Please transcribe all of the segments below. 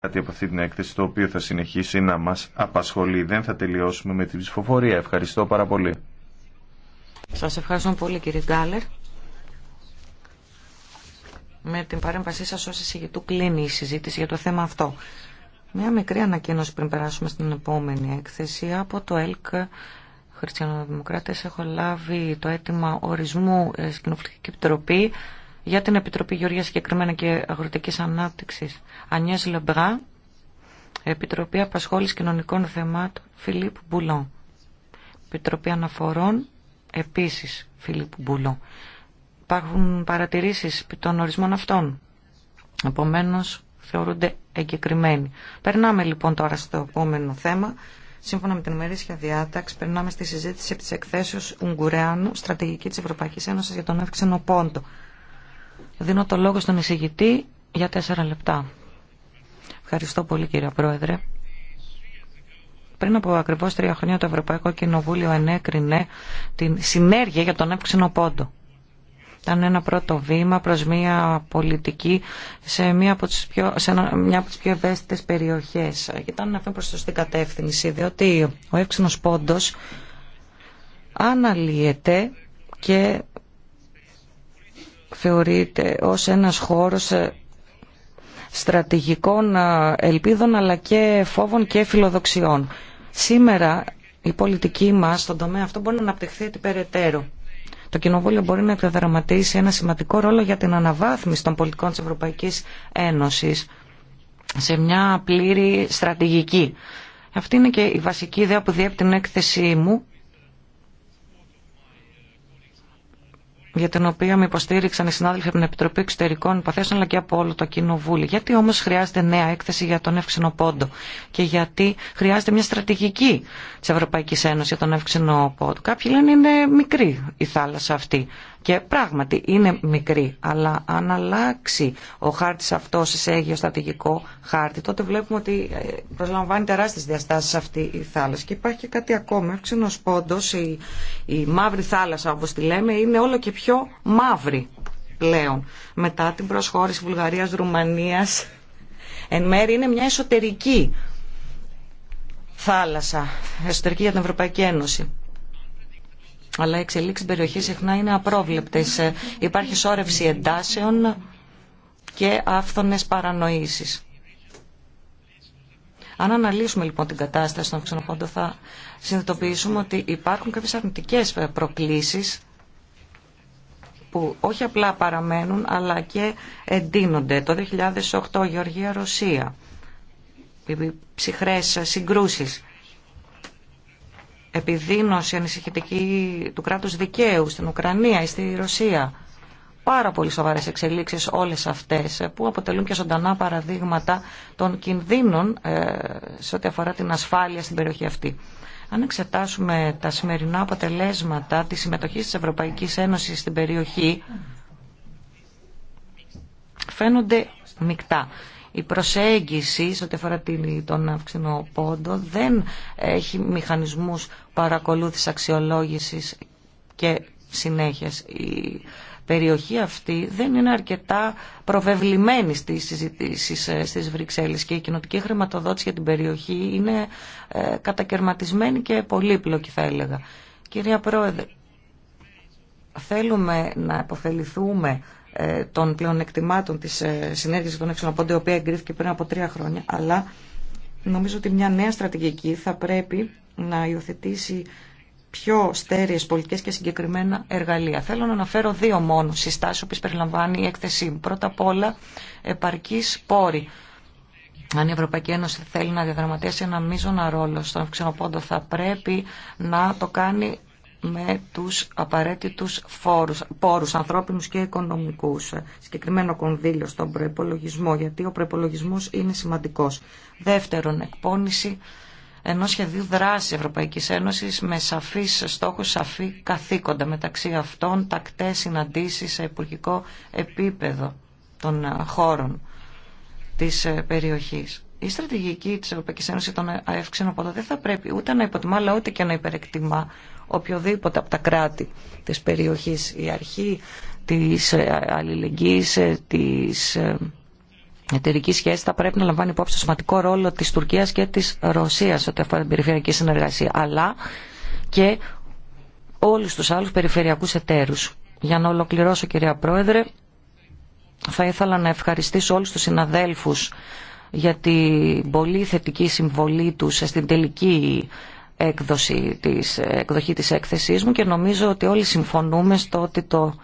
κάτι από αυτή την έκθεση το οποίο θα συνεχίσει να μας απασχολεί. Δεν θα τελειώσουμε με την ψηφοφορία. Ευχαριστώ πάρα πολύ. Σας ευχαριστώ πολύ κύριε Γκάλερ. Με την παρέμβασή σας ως εισηγητού κλείνει η συζήτηση για το θέμα αυτό. Μια μικρή ανακοίνωση πριν περάσουμε στην επόμενη έκθεση από το ΕΛΚ Χριστιανοδημοκράτες έχω λάβει το αίτημα ορισμού ε, στην Επιτροπή για την Επιτροπή Γεωργίας συγκεκριμένα και αγροτική ανάπτυξη. Ανιές Λεμπρά, Επιτροπή Απασχόληση Κοινωνικών Θεμάτων Φιλίπ Μπουλόν, Επιτροπή Αναφορών επίση, Φιλίπ Μπουλόν. Υπάρχουν παρατηρήσεις των ορισμών αυτών. Επομένω, θεωρούνται εγκεκριμένοι. Περνάμε λοιπόν τώρα στο επόμενο θέμα. Σύμφωνα με την ημερήσια διάταξη, περνάμε στη συζήτηση τη εκθέσεω Ουγγουρεάνου, στρατηγική τη Ευρωπαϊκή Ένωση για τον εύξενο πόντο. Δίνω το λόγο στον εισηγητή για τέσσερα λεπτά. Ευχαριστώ πολύ κύριε Πρόεδρε. Πριν από ακριβώς τρία χρόνια το Ευρωπαϊκό Κοινοβούλιο ενέκρινε την συνέργεια για τον έξινο πόντο. Ήταν ένα πρώτο βήμα προς μια πολιτική σε μια από τις πιο, σε μια από τις πιο ευαίσθητες περιοχές. Ήταν αυτό προς την κατεύθυνση, διότι ο εύξηνος πόντος αναλύεται και θεωρείται ως ένας χώρος ε, στρατηγικών ε, ελπίδων αλλά και φόβων και φιλοδοξιών. Σήμερα η πολιτική μας στον τομέα αυτό μπορεί να αναπτυχθεί περαιτέρω. Το Κοινοβούλιο μπορεί να επιδραματίσει ένα σημαντικό ρόλο για την αναβάθμιση των πολιτικών της Ευρωπαϊκής Ένωσης σε μια πλήρη στρατηγική. Αυτή είναι και η βασική ιδέα που διέπει την έκθεσή μου για την οποία με υποστήριξαν οι συνάδελφοι από την Επιτροπή Εξωτερικών Υποθέσεων αλλά και από όλο το Κοινοβούλιο. Γιατί όμω χρειάζεται νέα έκθεση για τον εύξηνο πόντο και γιατί χρειάζεται μια στρατηγική τη Ευρωπαϊκή Ένωση για τον εύξηνο πόντο. Κάποιοι λένε είναι μικρή η θάλασσα αυτή. Και πράγματι είναι μικρή, αλλά αν αλλάξει ο χάρτη αυτό σε Αίγιο στρατηγικό χάρτη, τότε βλέπουμε ότι ε, προσλαμβάνει τεράστιε διαστάσει αυτή η θάλασσα. Και υπάρχει και κάτι ακόμα. Ξένο πόντο, η, η μαύρη θάλασσα όπω τη λέμε, είναι όλο και πιο μαύρη πλέον. Μετά την προσχώρηση Βουλγαρία-Ρουμανία, εν μέρη είναι μια εσωτερική θάλασσα, εσωτερική για την Ευρωπαϊκή Ένωση αλλά οι εξελίξει στην περιοχή συχνά είναι απρόβλεπτες. Ε, υπάρχει σώρευση εντάσεων και άφθονε παρανοήσει. Αν αναλύσουμε λοιπόν την κατάσταση των ξενοπόντων θα συνειδητοποιήσουμε ότι υπάρχουν κάποιε αρνητικέ ε, προκλήσεις που όχι απλά παραμένουν αλλά και εντείνονται. Το 2008 Γεωργία-Ρωσία, ψυχρές συγκρούσεις επιδείνωση ανησυχητική του κράτους δικαίου στην Ουκρανία ή στη Ρωσία. Πάρα πολύ σοβαρές εξελίξεις όλες αυτές ε, που αποτελούν και ζωντανά παραδείγματα των κινδύνων ε, σε ό,τι αφορά την ασφάλεια στην περιοχή αυτή. Αν εξετάσουμε τα σημερινά αποτελέσματα της συμμετοχής της Ευρωπαϊκής Ένωσης στην περιοχή, φαίνονται μεικτά η προσέγγιση σε ό,τι αφορά τον αυξημένο πόντο δεν έχει μηχανισμούς παρακολούθησης αξιολόγησης και συνέχειας. Η περιοχή αυτή δεν είναι αρκετά προβεβλημένη στις συζητήσεις ε, στις Βρυξέλλες και η κοινοτική χρηματοδότηση για την περιοχή είναι ε, κατακαιρματισμένη και πολύπλοκη θα έλεγα. Κυρία Πρόεδρε, θέλουμε να υποφεληθούμε ε, των πλεονεκτημάτων της ε, συνέργειας των πόντων η οποία εγκρίθηκε πριν από τρία χρόνια, αλλά νομίζω ότι μια νέα στρατηγική θα πρέπει να υιοθετήσει πιο στέρεες πολιτικές και συγκεκριμένα εργαλεία. Θέλω να αναφέρω δύο μόνο συστάσεις που περιλαμβάνει η έκθεσή μου. Πρώτα απ' όλα επαρκής πόρη. Αν η Ευρωπαϊκή Ένωση θέλει να διαδραματίσει ένα μείζωνα ρόλο στον ξενοπόντο θα πρέπει να το κάνει με τους απαραίτητους φόρους, πόρους ανθρώπινους και οικονομικούς. Συγκεκριμένο κονδύλιο στον προπολογισμό, γιατί ο προπολογισμό είναι σημαντικός. Δεύτερον, εκπόνηση ενό σχεδίου δράση Ευρωπαϊκή Ένωση με σαφεί στόχου, σαφή καθήκοντα. Μεταξύ αυτών, τακτέ συναντήσει σε υπουργικό επίπεδο των χώρων της ε, περιοχής η στρατηγική της Ευρωπαϊκής Ένωσης των ΑΕΦ πόντων δεν θα πρέπει ούτε να υποτιμά αλλά ούτε και να υπερεκτιμά οποιοδήποτε από τα κράτη της περιοχής. Η αρχή της ε, αλληλεγγύης, ε, της ε, εταιρική σχέση θα πρέπει να λαμβάνει υπόψη το σημαντικό ρόλο της Τουρκίας και της Ρωσίας ό,τι αφορά την περιφερειακή συνεργασία, αλλά και όλους τους άλλους περιφερειακούς εταίρους. Για να ολοκληρώσω κυρία Πρόεδρε, θα ήθελα να ευχαριστήσω όλους τους συναδέλφους για την πολύ θετική συμβολή τους στην τελική έκδοση της, εκδοχή της έκθεσής μου και νομίζω ότι όλοι συμφωνούμε στο ότι το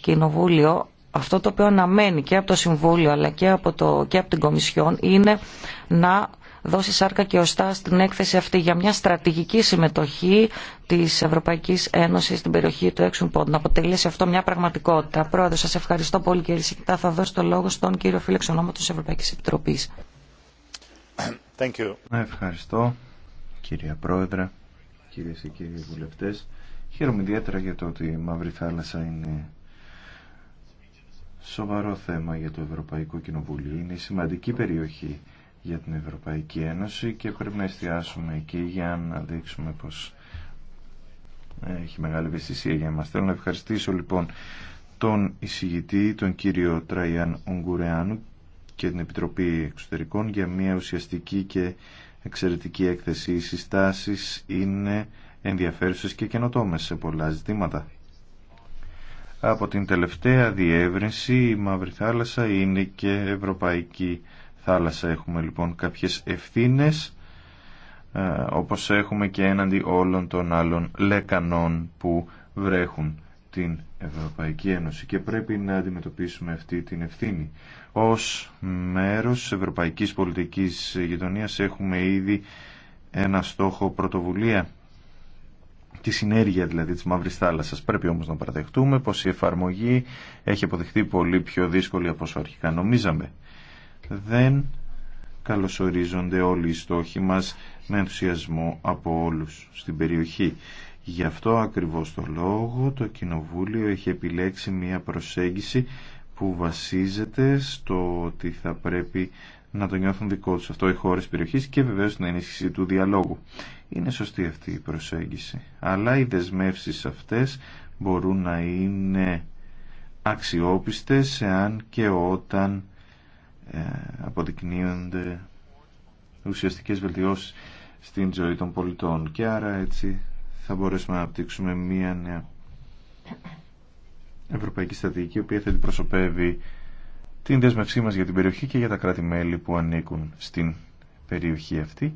Κοινοβούλιο αυτό το οποίο αναμένει και από το Συμβούλιο αλλά και από, το, και από την Κομισιόν είναι να δώσει σάρκα και οστά στην έκθεση αυτή για μια στρατηγική συμμετοχή τη Ευρωπαϊκή Ένωση στην περιοχή του έξουν πόντου. Να αποτελέσει αυτό μια πραγματικότητα. Πρόεδρε, σα ευχαριστώ πολύ κύριε Σικτά. Θα δώσω το λόγο στον κύριο Φίλεξ ονόματο της Ευρωπαϊκής Επιτροπής. Ευχαριστώ κυρία Πρόεδρε, κύριε και κύριοι βουλευτές. Χαίρομαι ιδιαίτερα για το ότι η Μαύρη Θάλασσα είναι σοβαρό θέμα για το Ευρωπαϊκό Κοινοβούλιο. Είναι σημαντική περιοχή για την Ευρωπαϊκή Ένωση και πρέπει να εστιάσουμε εκεί για να δείξουμε πως έχει μεγάλη ευαισθησία για μας. Θέλω να ευχαριστήσω λοιπόν τον εισηγητή, τον κύριο Τραϊάν Ογκουρεάνου και την Επιτροπή Εξωτερικών για μια ουσιαστική και εξαιρετική έκθεση. Οι συστάσεις είναι ενδιαφέρουσες και καινοτόμες σε πολλά ζητήματα. Από την τελευταία διεύρυνση η Μαύρη Θάλασσα είναι και ευρωπαϊκή θάλασσα. Έχουμε λοιπόν κάποιες ευθύνες ε, όπως έχουμε και έναντι όλων των άλλων λεκανών που βρέχουν την Ευρωπαϊκή Ένωση και πρέπει να αντιμετωπίσουμε αυτή την ευθύνη. Ως μέρος της ευρωπαϊκής πολιτικής γειτονίας έχουμε ήδη ένα στόχο πρωτοβουλία τη συνέργεια δηλαδή της Μαύρης Θάλασσας. Πρέπει όμως να παραδεχτούμε πως η εφαρμογή έχει αποδειχθεί πολύ πιο δύσκολη από όσο αρχικά νομίζαμε δεν καλωσορίζονται όλοι οι στόχοι μας με ενθουσιασμό από όλους στην περιοχή. Γι' αυτό ακριβώς το λόγο το Κοινοβούλιο έχει επιλέξει μια προσέγγιση που βασίζεται στο ότι θα πρέπει να το νιώθουν δικό τους αυτό οι χώρες περιοχής και βεβαίως την ενίσχυση του διαλόγου. Είναι σωστή αυτή η προσέγγιση. Αλλά οι δεσμεύσεις αυτές μπορούν να είναι αξιόπιστες εάν και όταν ε, αποδεικνύονται ουσιαστικές βελτιώσεις στην ζωή των πολιτών και άρα έτσι θα μπορέσουμε να αναπτύξουμε μία νέα ευρωπαϊκή στρατηγική η οποία θα αντιπροσωπεύει την δέσμευσή μας για την περιοχή και για τα κράτη-μέλη που ανήκουν στην περιοχή αυτή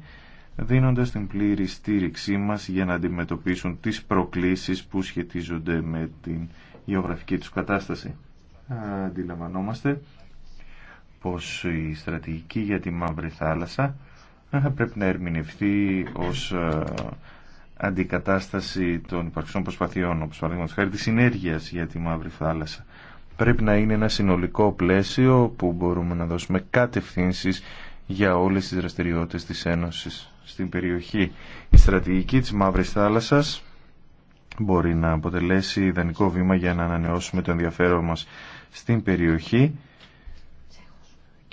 δίνοντας την πλήρη στήριξή μας για να αντιμετωπίσουν τις προκλήσεις που σχετίζονται με την γεωγραφική τους κατάσταση. Αντιλαμβανόμαστε πως η στρατηγική για τη Μαύρη Θάλασσα πρέπει να ερμηνευτεί ως ε, αντικατάσταση των υπαρξιών προσπαθειών, όπως παραδείγματο χάρη της συνέργεια για τη Μαύρη Θάλασσα. Πρέπει να είναι ένα συνολικό πλαίσιο που μπορούμε να δώσουμε κατευθύνσεις για όλες τις δραστηριότητες της Ένωσης στην περιοχή. Η στρατηγική της Μαύρης Θάλασσας μπορεί να αποτελέσει ιδανικό βήμα για να ανανεώσουμε το ενδιαφέρον μας στην περιοχή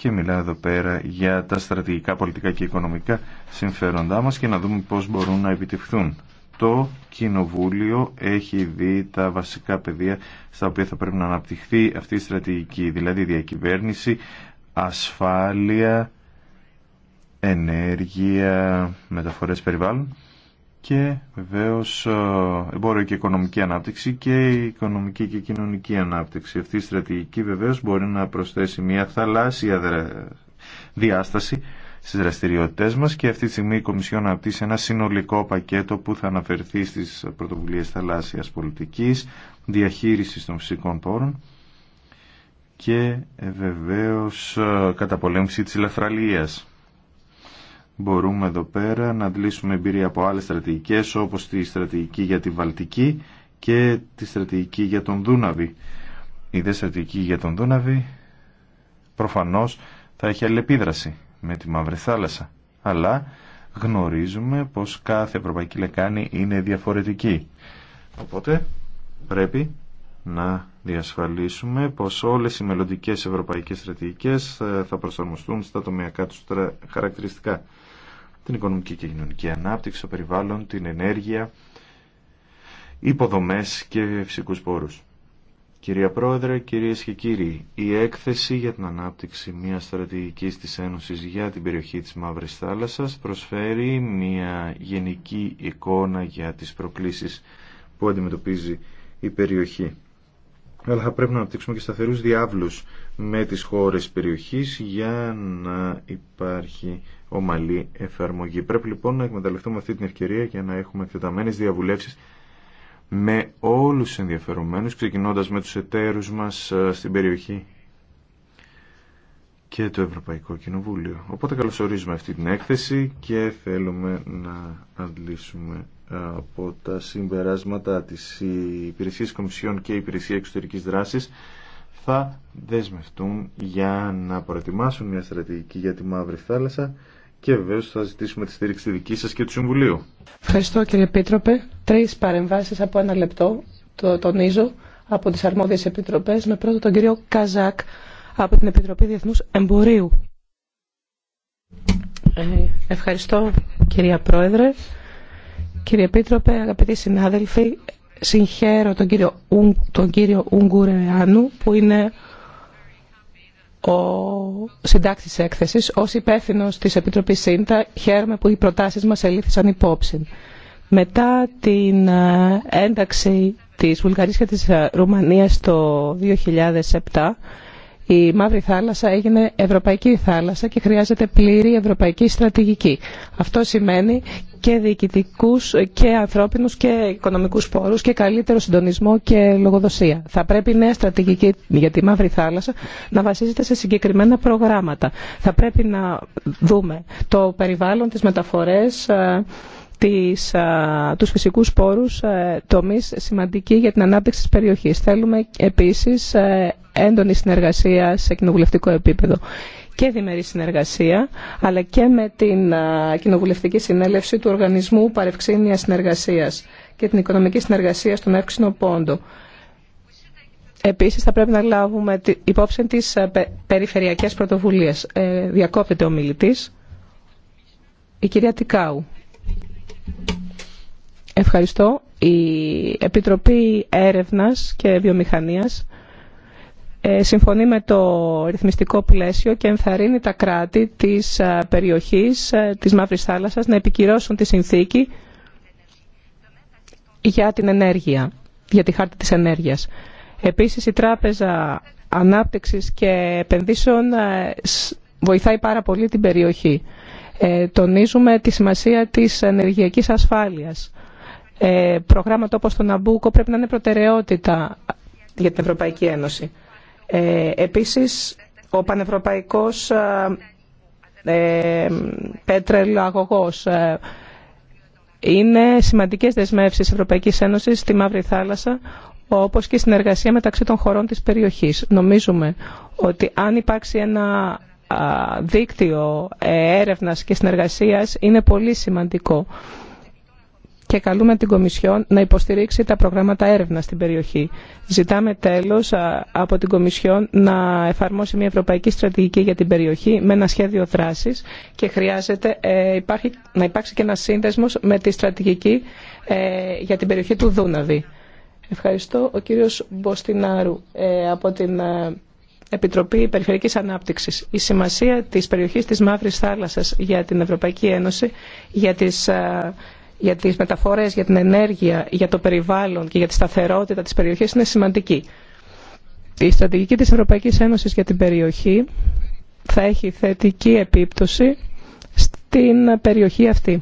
και μιλάω εδώ πέρα για τα στρατηγικά, πολιτικά και οικονομικά συμφέροντά μας και να δούμε πώς μπορούν να επιτευχθούν. Το Κοινοβούλιο έχει δει τα βασικά πεδία στα οποία θα πρέπει να αναπτυχθεί αυτή η στρατηγική, δηλαδή διακυβέρνηση, ασφάλεια, ενέργεια, μεταφορές περιβάλλον και βεβαίως ε, εμπόριο και οικονομική ανάπτυξη και η οικονομική και κοινωνική ανάπτυξη. Αυτή η στρατηγική βεβαίως μπορεί να προσθέσει μια θαλάσσια διάσταση στις δραστηριότητες μας και αυτή τη στιγμή η Κομισιόν αναπτύσσει ένα συνολικό πακέτο που θα αναφερθεί στις πρωτοβουλίες θαλάσσιας πολιτικής, διαχείρισης των φυσικών πόρων και ε, βεβαίως ε, καταπολέμηση της ελαφραλίας μπορούμε εδώ πέρα να αντλήσουμε εμπειρία από άλλες στρατηγικές όπως τη στρατηγική για τη Βαλτική και τη στρατηγική για τον Δούναβη. Η δε στρατηγική για τον Δούναβη προφανώς θα έχει αλληλεπίδραση με τη Μαύρη Θάλασσα. Αλλά γνωρίζουμε πως κάθε ευρωπαϊκή λεκάνη είναι διαφορετική. Οπότε πρέπει να διασφαλίσουμε πως όλες οι μελλοντικές ευρωπαϊκές στρατηγικές ε, θα προσαρμοστούν στα τομιακά τους χαρακτηριστικά την οικονομική και κοινωνική ανάπτυξη, των περιβάλλον, την ενέργεια, υποδομές και φυσικούς πόρους. Κυρία Πρόεδρε, κυρίες και κύριοι, η έκθεση για την ανάπτυξη μιας στρατηγικής της Ένωσης για την περιοχή της Μαύρης Θάλασσας προσφέρει μια γενική εικόνα για τις προκλήσεις που αντιμετωπίζει η περιοχή αλλά θα πρέπει να αναπτύξουμε και σταθερούς διάβλους με τις χώρες περιοχής για να υπάρχει ομαλή εφαρμογή. Πρέπει λοιπόν να εκμεταλλευτούμε αυτή την ευκαιρία για να έχουμε εκτεταμένες διαβουλεύσεις με όλους τους ενδιαφερομένους, ξεκινώντας με τους εταίρους μας ε, στην περιοχή και το Ευρωπαϊκό Κοινοβούλιο. Οπότε καλωσορίζουμε αυτή την έκθεση και θέλουμε να αντλήσουμε από τα συμπεράσματα της Υπηρεσίας Κομισιών και η Υπηρεσία Εξωτερικής Δράσης θα δεσμευτούν για να προετοιμάσουν μια στρατηγική για τη Μαύρη Θάλασσα και βεβαίω θα ζητήσουμε τη στήριξη δική σας και του Συμβουλίου. Ευχαριστώ κύριε Πίτροπε. Τρεις παρεμβάσεις από ένα λεπτό, το τονίζω, από τις αρμόδιες επιτροπές με πρώτο τον κύριο Καζάκ από την Επιτροπή Διεθνούς Εμπορίου. Ε, ευχαριστώ κυρία Πρόεδρε. Κύριε Επίτροπε, αγαπητοί συνάδελφοι, συγχαίρω τον κύριο, τον κύριο Ουγγουρεάνου που είναι ο συντάκτης έκθεσης. Ως υπεύθυνο της Επιτροπής ΣΥΝΤΑ χαίρομαι που οι προτάσεις μας ελήφθησαν υπόψη. Μετά την ε, ένταξη της Βουλγαρίας και της ε, Ρουμανίας το 2007 η Μαύρη Θάλασσα έγινε Ευρωπαϊκή Θάλασσα και χρειάζεται πλήρη ευρωπαϊκή στρατηγική. Αυτό σημαίνει και διοικητικού και ανθρώπινου και οικονομικού πόρου και καλύτερο συντονισμό και λογοδοσία. Θα πρέπει η νέα στρατηγική για τη Μαύρη Θάλασσα να βασίζεται σε συγκεκριμένα προγράμματα. Θα πρέπει να δούμε το περιβάλλον, τι μεταφορέ, τις, α, ε, ε, τους φυσικούς πόρους α, ε, σημαντικοί για την ανάπτυξη της περιοχής. Θέλουμε επίσης έντονη συνεργασία σε κοινοβουλευτικό επίπεδο και διμερή συνεργασία, αλλά και με την κοινοβουλευτική συνέλευση του Οργανισμού Παρευξήνια συνεργασία και την Οικονομική Συνεργασία στον Εύξηνο Πόντο. Επίσης, θα πρέπει να λάβουμε υπόψη της περιφερειακές πρωτοβουλίες. Ε, διακόπτεται ο μιλητής. Η κυρία Τικάου. Ευχαριστώ. Η Επιτροπή Έρευνας και Βιομηχανίας ε, συμφωνεί με το ρυθμιστικό πλαίσιο και ενθαρρύνει τα κράτη της ε, περιοχής ε, της Μαύρης Θάλασσας να επικυρώσουν τη συνθήκη για την ενέργεια, για τη χάρτη της ενέργειας. Επίσης η Τράπεζα Ανάπτυξης και Επενδύσεων βοηθάει πάρα πολύ την περιοχή. τονίζουμε τη σημασία της ενεργειακής ασφάλειας. προγράμματα όπως το Ναμπούκο πρέπει να είναι προτεραιότητα για την Ευρωπαϊκή Ένωση. Ε, επίσης, ο πανευρωπαϊκός ε, ε, πέτρελαγωγός είναι σημαντικές δεσμεύσεις Ευρωπαϊκής Ένωσης στη Μαύρη Θάλασσα, όπως και η συνεργασία μεταξύ των χωρών της περιοχής. Νομίζουμε ότι αν υπάρξει ένα δίκτυο έρευνας και συνεργασίας είναι πολύ σημαντικό και καλούμε την Κομισιόν να υποστηρίξει τα προγράμματα έρευνα στην περιοχή. Ζητάμε τέλος από την Κομισιόν να εφαρμόσει μια ευρωπαϊκή στρατηγική για την περιοχή με ένα σχέδιο δράσης και χρειάζεται ε, υπάρχει, να υπάρξει και ένα σύνδεσμος με τη στρατηγική ε, για την περιοχή του Δούναβη. Ευχαριστώ. Ο κύριος Μποστινάρου ε, από την Επιτροπή Περιφερειακής Ανάπτυξης. Η σημασία της περιοχής της Μαύρης Θάλασσας για την Ευρωπαϊκή Ένωση, για τις για τις μεταφορές, για την ενέργεια, για το περιβάλλον και για τη σταθερότητα της περιοχής είναι σημαντική. Η στρατηγική της Ευρωπαϊκής Ένωσης για την περιοχή θα έχει θετική επίπτωση στην περιοχή αυτή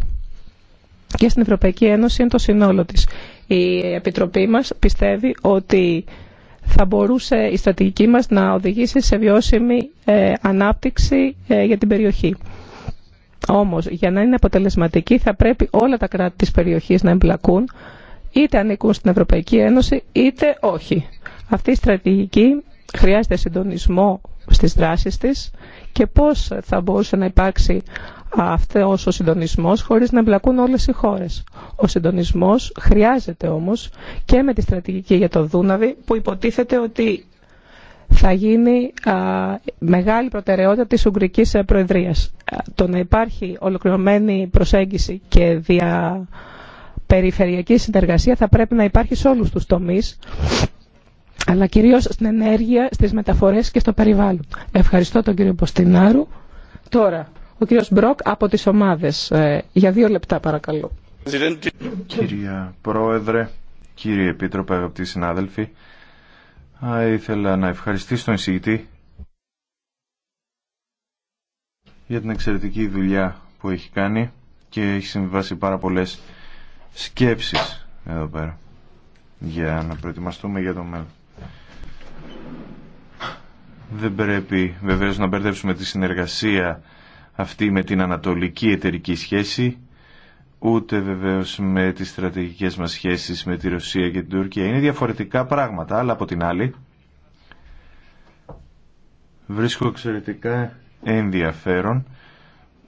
και στην Ευρωπαϊκή Ένωση είναι το συνόλο της. Η Επιτροπή μας πιστεύει ότι θα μπορούσε η στρατηγική μας να οδηγήσει σε βιώσιμη ε, ανάπτυξη ε, για την περιοχή. Όμως, για να είναι αποτελεσματική θα πρέπει όλα τα κράτη της περιοχής να εμπλακούν, είτε ανήκουν στην Ευρωπαϊκή Ένωση, είτε όχι. Αυτή η στρατηγική χρειάζεται συντονισμό στις δράσεις της και πώς θα μπορούσε να υπάρξει αυτός ο συντονισμός χωρίς να εμπλακούν όλες οι χώρες. Ο συντονισμός χρειάζεται όμως και με τη στρατηγική για το Δούναβη που υποτίθεται ότι θα γίνει μεγάλη προτεραιότητα της Ουγγρικής ε, Προεδρίας. Το να υπάρχει ολοκληρωμένη προσέγγιση και διαπεριφερειακή συνεργασία θα πρέπει να υπάρχει σε όλους τους τομείς, αλλά κυρίως στην ενέργεια, στις μεταφορές και στο περιβάλλον. Ευχαριστώ τον κύριο Ποστινάρου. Τώρα, ο κύριος Μπροκ από τις ομάδες. Ε, για δύο λεπτά παρακαλώ. Κυρία Πρόεδρε, κύριε Επίτροπε, αγαπητοί συνάδελφοι, ήθελα να ευχαριστήσω τον εισηγητή για την εξαιρετική δουλειά που έχει κάνει και έχει συμβάσει πάρα πολλές σκέψεις εδώ πέρα για να προετοιμαστούμε για το μέλλον. Δεν πρέπει βεβαίως να μπερδέψουμε τη συνεργασία αυτή με την ανατολική εταιρική σχέση ούτε βεβαίως με τις στρατηγικές μας σχέσεις με τη Ρωσία και την Τουρκία. Είναι διαφορετικά πράγματα, αλλά από την άλλη βρίσκω εξαιρετικά ενδιαφέρον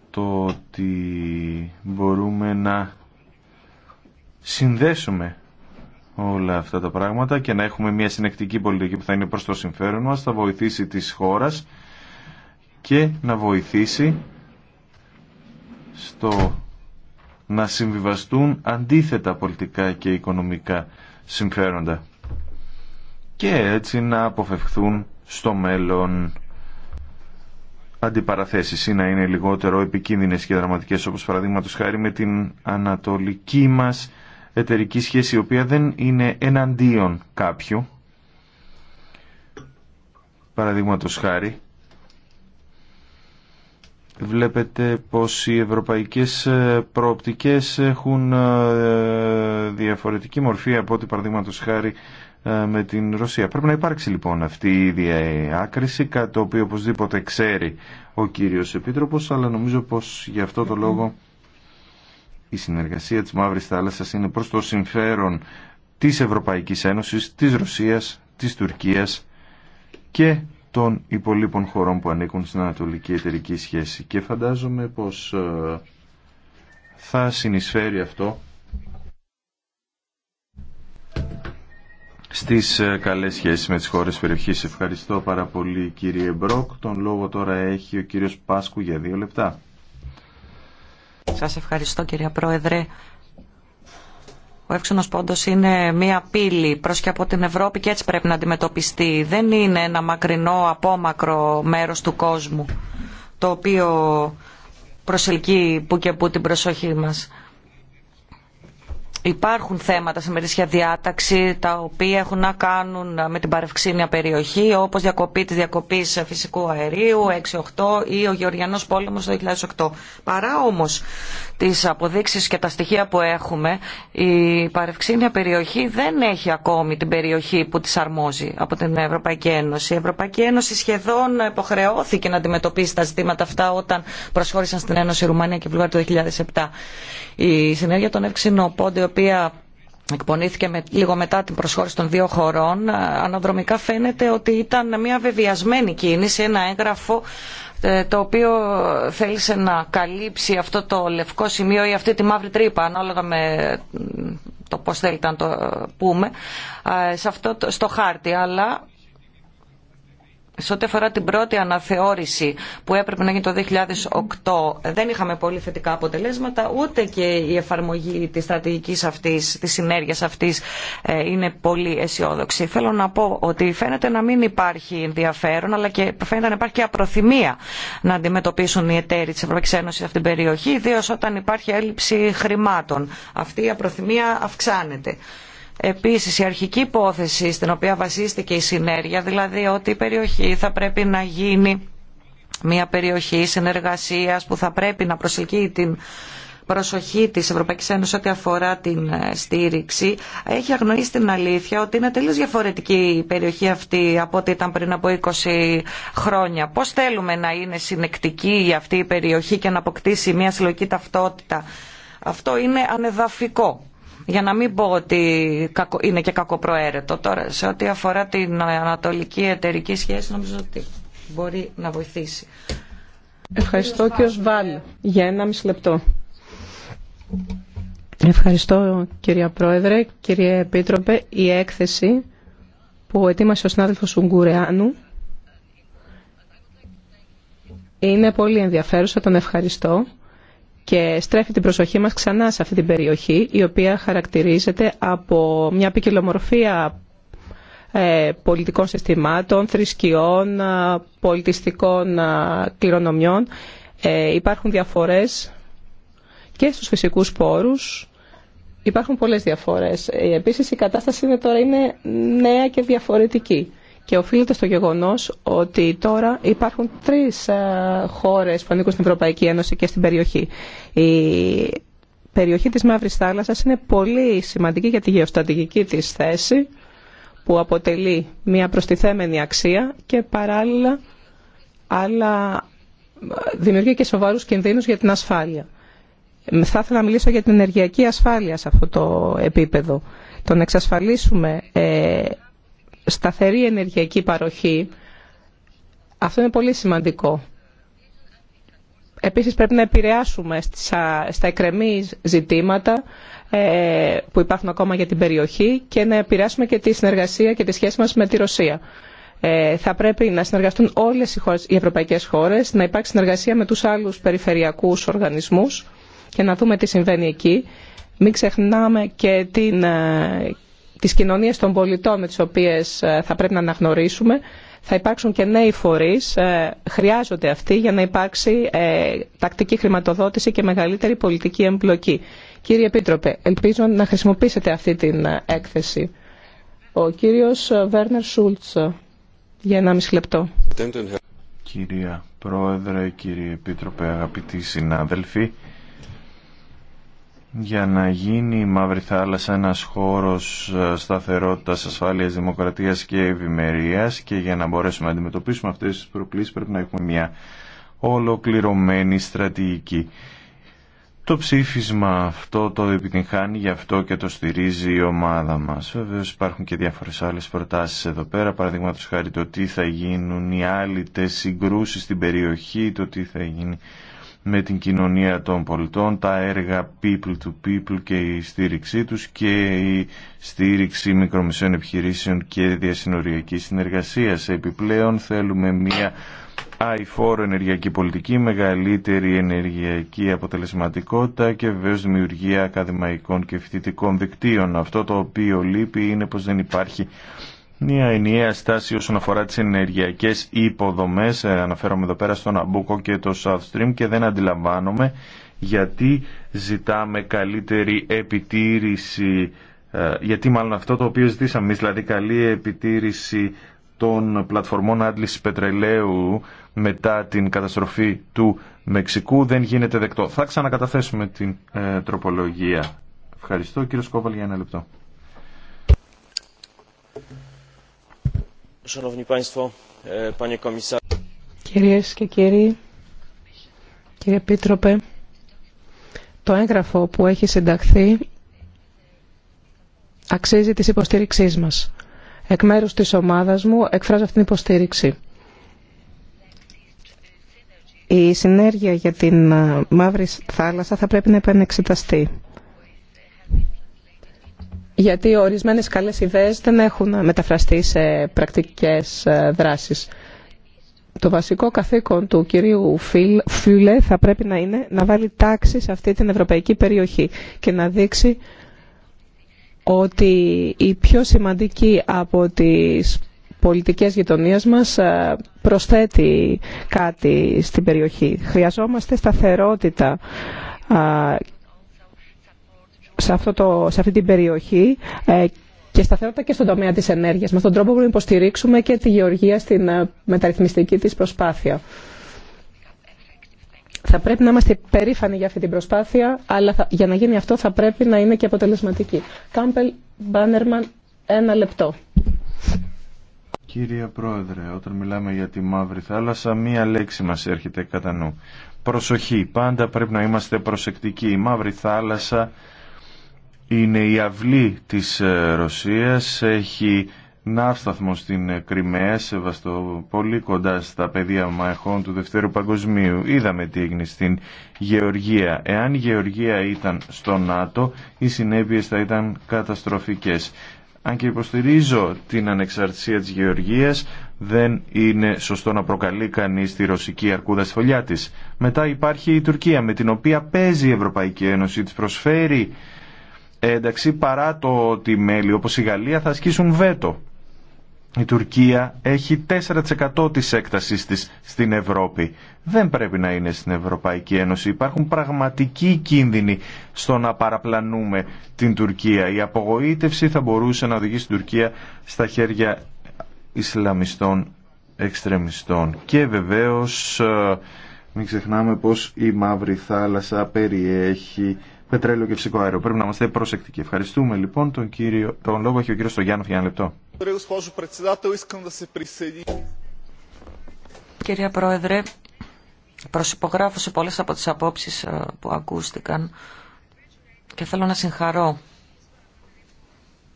το ότι μπορούμε να συνδέσουμε όλα αυτά τα πράγματα και να έχουμε μια συνεκτική πολιτική που θα είναι προς το συμφέρον μας, θα βοηθήσει τις χώρας και να βοηθήσει στο να συμβιβαστούν αντίθετα πολιτικά και οικονομικά συμφέροντα και έτσι να αποφευχθούν στο μέλλον αντιπαραθέσεις ή να είναι λιγότερο επικίνδυνες και δραματικές όπως παραδείγματο χάρη με την ανατολική μας εταιρική σχέση η οποία δεν είναι εναντίον κάποιου παραδείγματο χάρη βλέπετε πως οι ευρωπαϊκές ε, προοπτικές έχουν ε, διαφορετική μορφή από ό,τι παραδείγματος χάρη ε, με την Ρωσία. Πρέπει να υπάρξει λοιπόν αυτή η διάκριση, κάτι το οποίο οπωσδήποτε ξέρει ο κύριος Επίτροπος, αλλά νομίζω πως γι' αυτό το λόγο η συνεργασία της Μαύρης Θάλασσας είναι προς το συμφέρον της Ευρωπαϊκής Ένωσης, της Ρωσίας, της Τουρκίας και των υπολείπων χωρών που ανήκουν στην ανατολική εταιρική σχέση. Και φαντάζομαι πως ε, θα συνεισφέρει αυτό στις ε, καλές σχέσεις με τις χώρες περιοχής. Ευχαριστώ πάρα πολύ κύριε Μπρόκ. Τον λόγο τώρα έχει ο κύριος Πάσκου για δύο λεπτά. Σας ευχαριστώ κύριε Πρόεδρε. Ο εύξενος πόντος είναι μία πύλη προς και από την Ευρώπη και έτσι πρέπει να αντιμετωπιστεί. Δεν είναι ένα μακρινό, απόμακρο μέρος του κόσμου το οποίο προσελκύει που και που την προσοχή μας υπάρχουν θέματα σε μερίσια διάταξη τα οποία έχουν να κάνουν με την παρευξήνια περιοχή όπως διακοπή της διακοπής φυσικού αερίου 6-8 ή ο Γεωργιανός πόλεμος το 2008. Παρά όμως τις αποδείξεις και τα στοιχεία που έχουμε η παρευξήνια περιοχή δεν έχει ακόμη την περιοχή που της αρμόζει από την Ευρωπαϊκή Ένωση. Η Ευρωπαϊκή Ένωση σχεδόν υποχρεώθηκε να αντιμετωπίσει τα ζητήματα αυτά όταν προσχώρησαν στην Ένωση Ρουμανία και Βουλγαρία το 2007. Η συνέργεια των πόντων οποία εκπονήθηκε με, λίγο μετά την προσχώρηση των δύο χωρών, αναδρομικά φαίνεται ότι ήταν μια βεβαιασμένη κίνηση, ένα έγγραφο ε, το οποίο θέλησε να καλύψει αυτό το λευκό σημείο ή αυτή τη μαύρη τρύπα, ανάλογα με το πώς θέλετε να το πούμε, σε αυτό στο χάρτη. Αλλά σε ό,τι αφορά την πρώτη αναθεώρηση που έπρεπε να γίνει το 2008, δεν είχαμε πολύ θετικά αποτελέσματα, ούτε και η εφαρμογή της στρατηγικής αυτής, της συνέργειας αυτής ε, είναι πολύ αισιόδοξη. Θέλω να πω ότι φαίνεται να μην υπάρχει ενδιαφέρον, αλλά και φαίνεται να υπάρχει και απροθυμία να αντιμετωπίσουν οι εταίροι τη Ευρωπαϊκή Ένωση αυτήν την περιοχή, ιδίω όταν υπάρχει έλλειψη χρημάτων. Αυτή η απροθυμία αυξάνεται. Επίσης η αρχική υπόθεση στην οποία βασίστηκε η συνέργεια, δηλαδή ότι η περιοχή θα πρέπει να γίνει μια περιοχή συνεργασίας που θα πρέπει να προσελκύει την προσοχή της Ευρωπαϊκής Ένωσης ό,τι αφορά την ε, στήριξη έχει αγνοήσει την αλήθεια ότι είναι τελείως διαφορετική η περιοχή αυτή από ό,τι ήταν πριν από 20 χρόνια. Πώς θέλουμε να είναι συνεκτική αυτή η περιοχή και να αποκτήσει μια συλλογική ταυτότητα. Αυτό είναι ανεδαφικό για να μην πω ότι είναι και κακοπροαίρετο τώρα, σε ό,τι αφορά την ανατολική εταιρική σχέση, νομίζω ότι μπορεί να βοηθήσει. Ευχαριστώ και ως Βάλ για ένα μισή λεπτό. Ευχαριστώ κυρία Πρόεδρε, κύριε Επίτροπε. Η έκθεση που ετοίμασε ο συνάδελφος Ουγγουρεάνου είναι πολύ ενδιαφέρουσα, τον ευχαριστώ και στρέφει την προσοχή μας ξανά σε αυτή την περιοχή η οποία χαρακτηρίζεται από μια ποικιλομορφία ε, πολιτικών συστημάτων, θρησκειών, ε, πολιτιστικών ε, κληρονομιών. Υπάρχουν διαφορές και στους φυσικούς πόρους. Υπάρχουν πολλές διαφορές. Επίσης η κατάσταση είναι τώρα είναι νέα και διαφορετική και οφείλεται στο γεγονός ότι τώρα υπάρχουν τρεις ε, χώρες που ανήκουν στην Ευρωπαϊκή Ένωση και στην περιοχή. Η περιοχή της Μαύρης Θάλασσας είναι πολύ σημαντική για τη γεωστρατηγική της θέση που αποτελεί μια προστιθέμενη αξία και παράλληλα αλλά δημιουργεί και σοβαρούς κινδύνους για την ασφάλεια. Θα ήθελα να μιλήσω για την ενεργειακή ασφάλεια σε αυτό το επίπεδο. Το να εξασφαλίσουμε ε, σταθερή ενεργειακή παροχή. Αυτό είναι πολύ σημαντικό. Επίσης πρέπει να επηρεάσουμε στα εκρεμή ζητήματα ε, που υπάρχουν ακόμα για την περιοχή και να επηρεάσουμε και τη συνεργασία και τη σχέση μας με τη Ρωσία. Ε, θα πρέπει να συνεργαστούν όλες οι, χώρες, οι ευρωπαϊκές χώρες, να υπάρξει συνεργασία με τους άλλους περιφερειακούς οργανισμούς και να δούμε τι συμβαίνει εκεί. Μην ξεχνάμε και την ε, τις κοινωνίες των πολιτών με τις οποίες ε, θα πρέπει να αναγνωρίσουμε. Θα υπάρξουν και νέοι φορείς, ε, χρειάζονται αυτοί για να υπάρξει ε, τακτική χρηματοδότηση και μεγαλύτερη πολιτική εμπλοκή. Κύριε Επίτροπε, ελπίζω να χρησιμοποιήσετε αυτή την έκθεση. Ο κύριος Βέρνερ Σούλτς, για ένα μισή λεπτό. Κυρία Πρόεδρε, κύριε Επίτροπε, αγαπητοί συνάδελφοι, για να γίνει η Μαύρη Θάλασσα ένας χώρος ε, σταθερότητας, ασφάλειας, δημοκρατίας και ευημερία και για να μπορέσουμε να αντιμετωπίσουμε αυτές τις προκλήσεις πρέπει να έχουμε μια ολοκληρωμένη στρατηγική. Το ψήφισμα αυτό το επιτυγχάνει, γι' αυτό και το στηρίζει η ομάδα μας. Βεβαίως υπάρχουν και διάφορες άλλες προτάσεις εδώ πέρα, παραδείγματος χάρη το τι θα γίνουν οι άλλοι συγκρούσεις στην περιοχή, το τι θα γίνει με την κοινωνία των πολιτών, τα έργα people to people και η στήριξή τους και η στήριξη μικρομεσαίων επιχειρήσεων και διασυνοριακή συνεργασίας. Επιπλέον θέλουμε μια αηφόρο ενεργειακή πολιτική, μεγαλύτερη ενεργειακή αποτελεσματικότητα και βεβαίω δημιουργία ακαδημαϊκών και φοιτητικών δικτύων. Αυτό το οποίο λείπει είναι πως δεν υπάρχει μια ενιαία στάση όσον αφορά τις ενεργειακές υποδομές. Ε, αναφέρομαι εδώ πέρα στον Αμπούκο και το South Stream και δεν αντιλαμβάνομαι γιατί ζητάμε καλύτερη επιτήρηση, ε, γιατί μάλλον αυτό το οποίο ζητήσαμε εμείς, δηλαδή καλή επιτήρηση των πλατφορμών άντλησης πετρελαίου μετά την καταστροφή του Μεξικού δεν γίνεται δεκτό. Θα ξανακαταθέσουμε την ε, τροπολογία. Ευχαριστώ. Κύριο Σκόβαλ για ένα λεπτό. E, Κυρίες και κύριοι, κύριε Πίτροπε, το έγγραφο που έχει συνταχθεί αξίζει της υποστήριξής μας. Εκ μέρους της ομάδας μου εκφράζω αυτήν την υποστήριξη. Η συνέργεια για την ε, Μαύρη Θάλασσα θα πρέπει να επανεξεταστεί γιατί ορισμένες καλές ιδέες δεν έχουν μεταφραστεί σε πρακτικές ε, δράσεις. Το βασικό καθήκον του κυρίου Φιουλε θα πρέπει να είναι να βάλει τάξη σε αυτή την ευρωπαϊκή περιοχή και να δείξει ότι η πιο σημαντική από τις πολιτικές γειτονίας μας ε, προσθέτει κάτι στην περιοχή. Χρειαζόμαστε σταθερότητα ε, σε, αυτό το, σε αυτή την περιοχή ε, και σταθερότητα και στον τομέα της ενέργειας. Με αυτόν τον τρόπο που υποστηρίξουμε και τη γεωργία στην ε, μεταρρυθμιστική της προσπάθεια. Θα πρέπει να είμαστε περήφανοι για αυτή την προσπάθεια, αλλά για να γίνει αυτό θα πρέπει να είναι και αποτελεσματική. Κάμπελ Μπάνερμαν, ένα λεπτό. Κύριε Πρόεδρε, όταν μιλάμε για τη Μαύρη Θάλασσα, μία λέξη μας έρχεται κατά νου. Προσοχή. Πάντα πρέπει να είμαστε προσεκτικοί. Η Μαύρη Θάλασσα είναι η αυλή της ε, Ρωσίας, έχει ναύσταθμο στην ε, Κρυμαία, σεβαστό πολύ κοντά στα πεδία μαχών του Δευτέρου Παγκοσμίου. Είδαμε τι έγινε στην Γεωργία. Εάν η Γεωργία ήταν στο ΝΑΤΟ, οι συνέπειες θα ήταν καταστροφικές. Αν και υποστηρίζω την ανεξαρτησία της Γεωργίας, δεν είναι σωστό να προκαλεί κανείς τη ρωσική αρκούδα στη φωλιά της. Μετά υπάρχει η Τουρκία, με την οποία παίζει η Ευρωπαϊκή Ένωση, της προσφέρει ένταξη παρά το ότι μέλη όπως η Γαλλία θα ασκήσουν βέτο. Η Τουρκία έχει 4% της έκτασης της στην Ευρώπη. Δεν πρέπει να είναι στην Ευρωπαϊκή Ένωση. Υπάρχουν πραγματικοί κίνδυνοι στο να παραπλανούμε την Τουρκία. Η απογοήτευση θα μπορούσε να οδηγήσει την Τουρκία στα χέρια Ισλαμιστών εξτρεμιστών. Και βεβαίως ε, μην ξεχνάμε πως η Μαύρη Θάλασσα περιέχει πετρέλαιο και φυσικό αέριο. Πρέπει να είμαστε προσεκτικοί. Ευχαριστούμε λοιπόν τον κύριο. Τον λόγο έχει ο κύριο Στογιάννοφ για ένα λεπτό. Κυρία Πρόεδρε, προσυπογράφω σε πολλές από τις απόψεις ε, που ακούστηκαν και θέλω να συγχαρώ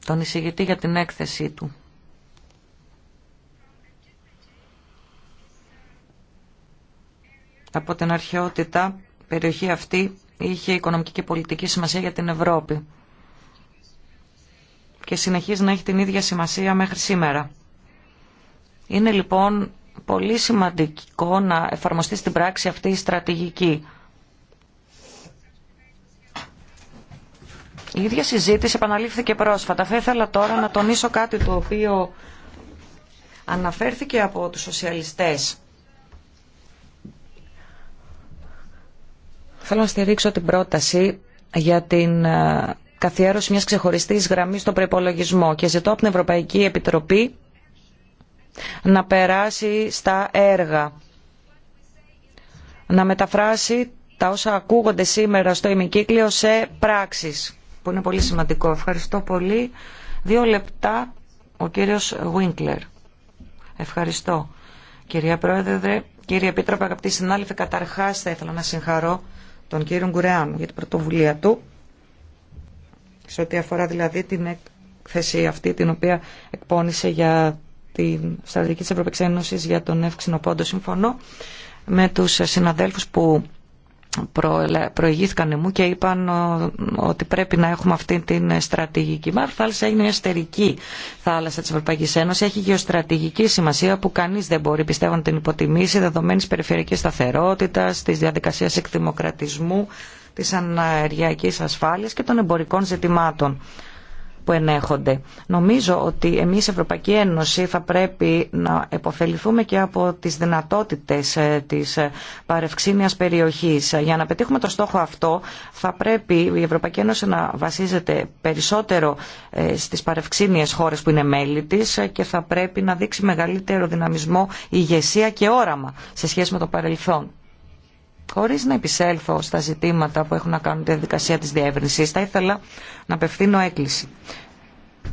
τον εισηγητή για την έκθεσή του. Από την αρχαιότητα περιοχή αυτή είχε οικονομική και πολιτική σημασία για την Ευρώπη και συνεχίζει να έχει την ίδια σημασία μέχρι σήμερα. Είναι λοιπόν πολύ σημαντικό να εφαρμοστεί στην πράξη αυτή η στρατηγική. Η ίδια συζήτηση επαναλήφθηκε πρόσφατα. Θα ήθελα τώρα να τονίσω κάτι το οποίο αναφέρθηκε από τους σοσιαλιστές Θέλω να στηρίξω την πρόταση για την ε, καθιέρωση μιας ξεχωριστής γραμμής στον προπολογισμό και ζητώ από την Ευρωπαϊκή Επιτροπή να περάσει στα έργα, να μεταφράσει τα όσα ακούγονται σήμερα στο ημικύκλιο σε πράξεις, που είναι πολύ σημαντικό. Ευχαριστώ πολύ. Δύο λεπτά ο κύριος Βίνκλερ. Ευχαριστώ. Κυρία Πρόεδρε, κύριε Επίτροπε, αγαπητοί συνάδελφοι, καταρχάς θα ήθελα να συγχαρώ τον κύριο Γκουρεάνου για την πρωτοβουλία του σε ό,τι αφορά δηλαδή την έκθεση αυτή την οποία εκπώνησε για την στρατηγική της Ευρωπαϊκής Ένωσης για τον εύξηνο πόντο. Συμφωνώ με τους συναδέλφους που προηγήθηκαν εμού και είπαν ε, ότι πρέπει να έχουμε αυτή την στρατηγική. Η θάλασσα είναι η εστερική θάλασσα της Ευρωπαϊκή Ένωση, Έχει γεωστρατηγική σημασία που κανείς δεν μπορεί πιστεύω να την υποτιμήσει δεδομένης περιφερειακής σταθερότητας, της διαδικασίας εκδημοκρατισμού, της αναεριακής ασφάλειας και των εμπορικών ζητημάτων που ενέχονται. Νομίζω ότι εμείς η Ευρωπαϊκή Ένωση θα πρέπει να επωφεληθούμε και από τις δυνατότητες ε, της ε, παρευξήνιας περιοχής. Για να πετύχουμε το στόχο αυτό θα πρέπει η Ευρωπαϊκή Ένωση να βασίζεται περισσότερο ε, στις παρευξήνιες χώρες που είναι μέλη της και θα πρέπει να δείξει μεγαλύτερο δυναμισμό ηγεσία και όραμα σε σχέση με το παρελθόν. Χωρίς να επισέλθω στα ζητήματα που έχουν να κάνουν τη διαδικασία της διεύρυνσης, θα ήθελα να απευθύνω έκκληση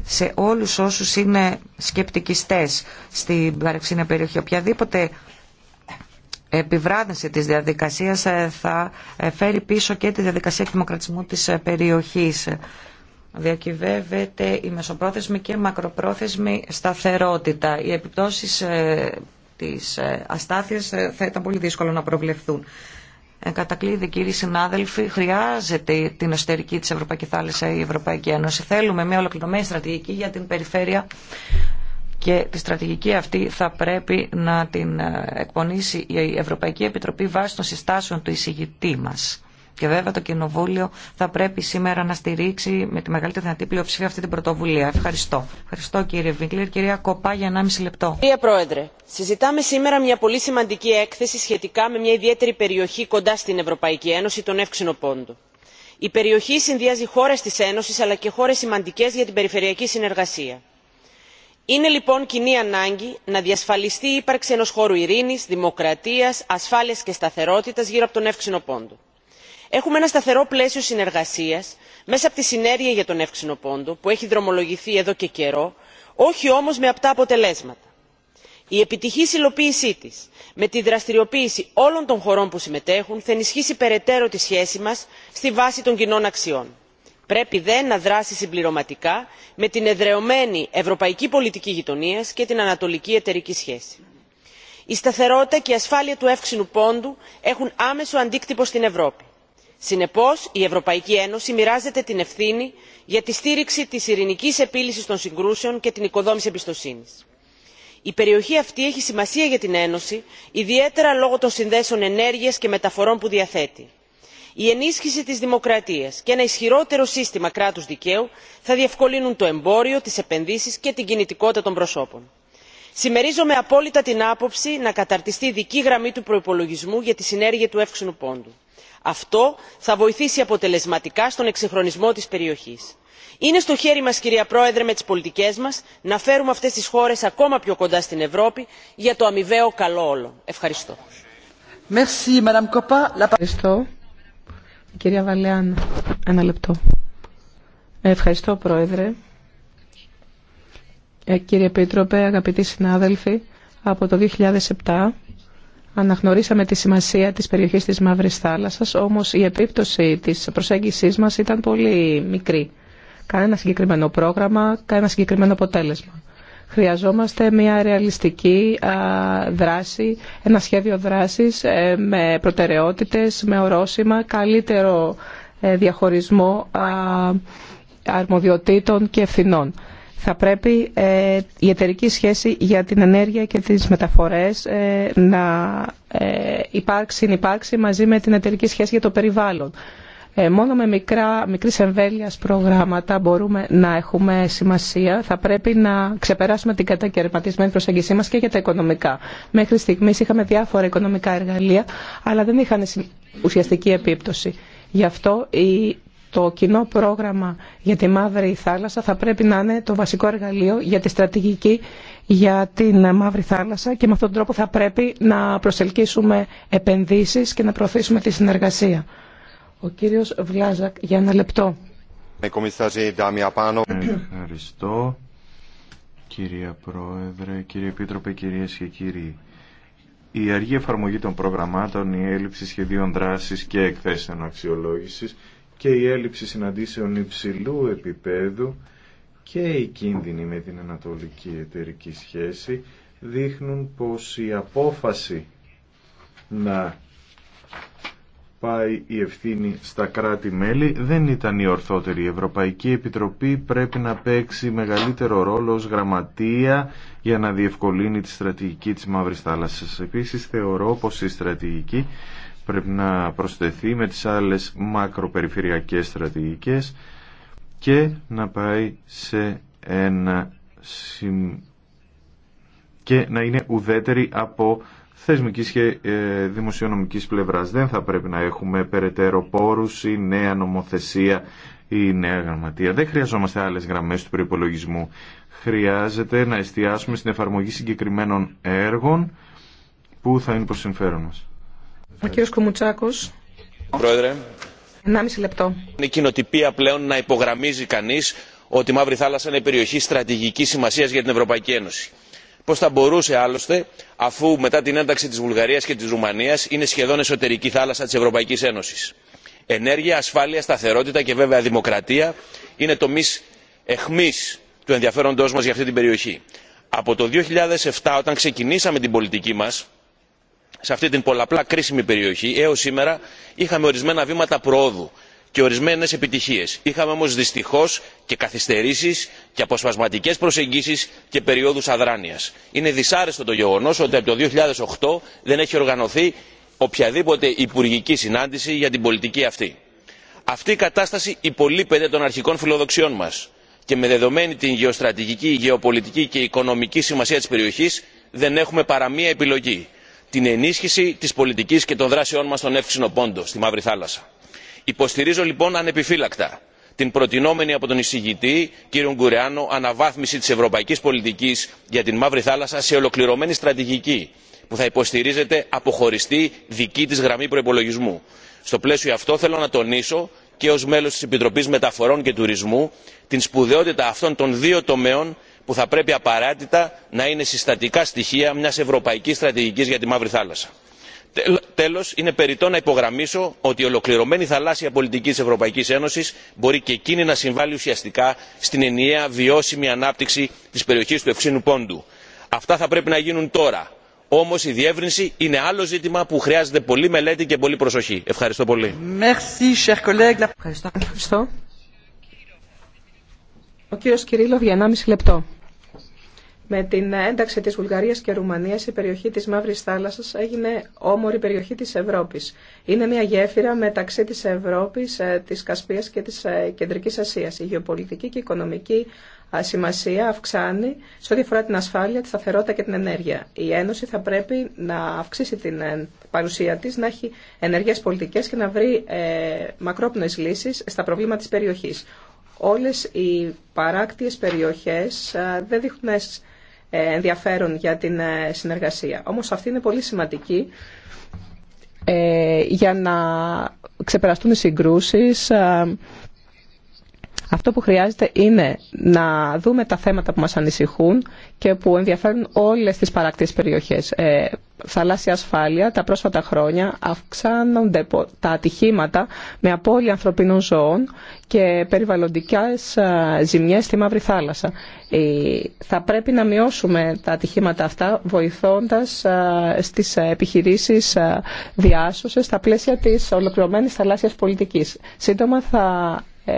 σε όλους όσους είναι σκεπτικιστές στην παρεξήνια περιοχή. Οποιαδήποτε επιβράδυνση της διαδικασίας ε, θα ε, φέρει πίσω και τη διαδικασία εκδημοκρατισμού της ε, περιοχής. Διακυβεύεται η μεσοπρόθεσμη και μακροπρόθεσμη σταθερότητα. Οι επιπτώσεις της αστάθειας θα ήταν πολύ δύσκολο να προβλεφθούν κατακλείδη κύριοι συνάδελφοι, χρειάζεται την εσωτερική της Ευρωπαϊκή Θάλασσα η Ευρωπαϊκή Ένωση. Θέλουμε μια ολοκληρωμένη στρατηγική για την περιφέρεια και τη στρατηγική αυτή θα πρέπει να την εκπονήσει η Ευρωπαϊκή Επιτροπή βάσει των συστάσεων του εισηγητή μας. Και βέβαια το Κοινοβούλιο θα πρέπει σήμερα να στηρίξει με τη μεγαλύτερη δυνατή πλειοψηφία αυτή την πρωτοβουλία. Ευχαριστώ. Ευχαριστώ κύριε Βίγκλερ. Κυρία Κοπά για 1,5 λεπτό. Κύριε Πρόεδρε, συζητάμε σήμερα μια πολύ σημαντική έκθεση σχετικά με μια ιδιαίτερη περιοχή κοντά στην Ευρωπαϊκή Ένωση, τον Εύξηνο Πόντο. Η περιοχή συνδυάζει χώρε τη Ένωση αλλά και χώρε σημαντικέ για την περιφερειακή συνεργασία. Είναι λοιπόν κοινή ανάγκη να διασφαλιστεί η ύπαρξη ενό χώρου ειρήνη, δημοκρατία, ασφάλεια και σταθερότητα γύρω από τον Εύξηνο Πόντο έχουμε ένα σταθερό πλαίσιο συνεργασίας μέσα από τη συνέργεια για τον εύξεινο πόντο που έχει δρομολογηθεί εδώ και καιρό όχι όμως με απτά αποτελέσματα. η επιτυχή υλοποίησή της με τη δραστηριοποίηση όλων των χωρών που συμμετέχουν θα ενισχύσει περαιτέρω τη σχέση μας στη βάση των κοινών αξιών. πρέπει δε να δράσει συμπληρωματικά με την εδρεωμένη ευρωπαϊκή πολιτική γειτονίας και την ανατολική εταιρική σχέση. η σταθερότητα και η ασφάλεια του εύξεινου πόντου έχουν άμεσο αντίκτυπο στην ευρώπη συνεπώς η ευρωπαϊκή ένωση μοιράζεται την ευθύνη για τη στήριξη της ειρηνικής επίλυσης των συγκρούσεων και την οικοδόμηση εμπιστοσύνης. η περιοχή αυτή έχει σημασία για την ένωση ιδιαίτερα λόγω των συνδέσεων ενέργειας και μεταφορών που διαθέτει. η ενίσχυση της δημοκρατίας και ένα ισχυρότερο σύστημα κράτους δικαίου θα διευκολύνουν το εμπόριο τις επενδύσεις και την κινητικότητα των προσώπων. συμμερίζομαι απόλυτα την άποψη να καταρτιστεί ειδική γραμμή του προπολογισμού για τη συνέργεια του εύξεινου πόντου αυτό θα βοηθήσει αποτελεσματικά στον εξυγχρονισμό της περιοχής. είναι στο χέρι μας κυρία πρόεδρε με τις πολιτικές μας να φέρουμε αυτές τις χώρες ακόμα πιο κοντά στην ευρώπη για το αμοιβαίο καλό όλο. ευχαριστώ. ευχαριστώ. Κυρία Βαλέαν, ένα λεπτό. Ευχαριστώ, Πρόεδρε. Ε, κύριε Πίτροπε, αγαπητοί συνάδελφοι, από το 2007 Αναγνωρίσαμε τη σημασία της περιοχής της Μαύρης Θάλασσας, όμως η επίπτωση της προσέγγισής μας ήταν πολύ μικρή. Κανένα συγκεκριμένο πρόγραμμα, κανένα συγκεκριμένο αποτέλεσμα. Χρειαζόμαστε μια ρεαλιστική δράση, ένα σχέδιο δράσης ε, με προτεραιότητες, με ορόσημα, καλύτερο ε, διαχωρισμό αρμοδιοτήτων και ευθυνών θα πρέπει ε, η εταιρική σχέση για την ενέργεια και τις μεταφορές ε, να ε, υπάρξει, μαζί με την εταιρική σχέση για το περιβάλλον. μόνο με μικρά, μικρής εμβέλειας προγράμματα μπορούμε να έχουμε σημασία. Θα πρέπει να ξεπεράσουμε την κατακαιρματισμένη προσέγγισή μας και για τα οικονομικά. Μέχρι στιγμής είχαμε διάφορα οικονομικά εργαλεία, αλλά δεν είχαν ουσιαστική επίπτωση. Γι' αυτό η το κοινό πρόγραμμα για τη Μαύρη Θάλασσα θα πρέπει να είναι το βασικό εργαλείο για τη στρατηγική για την Μαύρη Θάλασσα και με αυτόν τον τρόπο θα πρέπει να προσελκύσουμε επενδύσεις και να προωθήσουμε τη συνεργασία. Ο κύριος Βλάζακ για ένα λεπτό. Ναι, Ευχαριστώ κυρία Πρόεδρε, κύριε Επίτροπε, κύριε και κύριοι. Η αργή εφαρμογή των προγραμμάτων, η έλλειψη σχεδίων δράσης και εκθέσεων αξιολόγησης και η έλλειψη συναντήσεων υψηλού επίπεδου και η κίνδυνη με την ανατολική εταιρική σχέση δείχνουν πως η απόφαση να πάει η ευθύνη στα κράτη-μέλη δεν ήταν η ορθότερη. Η Ευρωπαϊκή Επιτροπή πρέπει να παίξει μεγαλύτερο ρόλο ως γραμματεία για να διευκολύνει τη στρατηγική της Μαύρης Θάλασσας. Επίσης θεωρώ πως η στρατηγική πρέπει να προσθεθεί με τις άλλες μακροπεριφερειακές στρατηγικές και να πάει σε ένα και να είναι ουδέτερη από θεσμικής και ε, δημοσιονομικής πλευράς. Δεν θα πρέπει να έχουμε περαιτέρω πόρους ή νέα νομοθεσία ή νέα γραμματεία. Δεν χρειαζόμαστε άλλες γραμμές του προϋπολογισμού. Χρειάζεται να εστιάσουμε στην εφαρμογή συγκεκριμένων έργων που θα είναι προς συμφέρον μας. Ο κύριος Κουμουτσάκος, Πρόεδρε. 1,5 λεπτό. Είναι κοινοτυπία πλέον να υπογραμμίζει κανείς ότι η Μαύρη Θάλασσα είναι περιοχή στρατηγικής σημασίας για την Ευρωπαϊκή Ένωση. Πώς θα μπορούσε άλλωστε, αφού μετά την ένταξη της Βουλγαρίας και της Ρουμανίας είναι σχεδόν εσωτερική θάλασσα της Ευρωπαϊκής Ένωσης. Ενέργεια, ασφάλεια, σταθερότητα και βέβαια δημοκρατία είναι τομείς εχμής του ενδιαφέροντός μας για αυτή την περιοχή. Από το 2007 όταν ξεκινήσαμε την πολιτική μας σε αυτή την πολλαπλά κρίσιμη περιοχή έως σήμερα είχαμε ορισμένα βήματα προόδου και ορισμένες επιτυχίες. είχαμε όμως δυστυχώς και καθυστερήσεις και αποσπασματικές προσεγγίσεις και περιόδους αδράνειας. είναι δυσάρεστο το γεγονός ότι από το 2008 δεν έχει οργανωθεί οποιαδήποτε υπουργική συνάντηση για την πολιτική αυτή. αυτή η κατάσταση υπολείπεται των αρχικών φιλοδοξιών μας και με δεδομένη την γεωστρατηγική γεωπολιτική και οικονομική σημασία της περιοχής δεν έχουμε παρά μία επιλογή την ενίσχυση τη πολιτική και των δράσεών μα στον εύξηνο πόντο στη μαύρη θάλασσα. υποστηρίζω λοιπόν ανεπιφύλακτα την προτινόμενη από τον εισηγητή κ. γκουρεάνο αναβάθμιση τη Ευρωπαϊκή Πολιτική για την μαύρη θάλασσα σε ολοκληρωμένη στρατηγική που θα υποστηρίζεται από χωριστή δική τη γραμμή προπολογισμού. στο πλαίσιο αυτό θέλω να τονίσω και ω μέλο τη Επιτροπή μεταφορών και τουρισμού την σπουδαιότητα αυτών των δύο τομέων που θα πρέπει απαραίτητα να είναι συστατικά στοιχεία μια Ευρωπαϊκή Στρατηγική για τη μαύρη θάλασσα. Τέλο, είναι περιττό να υπογραμμίσω ότι η ολοκληρωμένη θαλάσσια πολιτική της ευρωπαϊκής ένωσης μπορεί και εκείνη να συμβάλει ουσιαστικά στην ενιαία βιώσιμη ανάπτυξη τη περιοχή του ευξήνου πόντου. αυτά θα πρέπει να γίνουν τώρα. Όμω η διεύρυνση είναι άλλο ζήτημα που χρειάζεται πολλή μελέτη και πολλή προσοχή. Ευχαριστώ πολύ. Ο κύριο Κυρίλοβ για 1,5 λεπτό. Με την ένταξη της Βουλγαρίας και Ρουμανίας, η περιοχή της Μαύρης Θάλασσας έγινε όμορη περιοχή της Ευρώπης. Είναι μια γέφυρα μεταξύ της Ευρώπης, ε, της Κασπίας και της ε, Κεντρικής Ασίας. Η γεωπολιτική και η οικονομική ε, σημασία αυξάνει σε ό,τι αφορά την ασφάλεια, τη σταθερότητα και την ενέργεια. Η Ένωση θα πρέπει να αυξήσει την παρουσία της, να έχει ενεργές πολιτικές και να βρει μακρόπνοε λύσεις στα προβλήματα της περιοχή. Όλες οι παράκτιες περιοχές δεν δείχνουν ε, ενδιαφέρον για την ε, συνεργασία. Όμως αυτή είναι πολύ σημαντική ε, για να ξεπεραστούν οι συγκρούσεις. Αυτό που χρειάζεται είναι να δούμε τα θέματα που μας ανησυχούν και που ενδιαφέρουν όλες τις παράκτιες περιοχές θαλάσσια ασφάλεια τα πρόσφατα χρόνια αυξάνονται τα ατυχήματα με απώλεια ανθρωπίνων ζώων και περιβαλλοντικές ζημιές στη Μαύρη Θάλασσα. Ε, θα πρέπει να μειώσουμε τα ατυχήματα αυτά βοηθώντας στις επιχειρήσεις διάσωσης στα πλαίσια της ολοκληρωμένης θαλάσσιας πολιτικής. Σύντομα θα ε,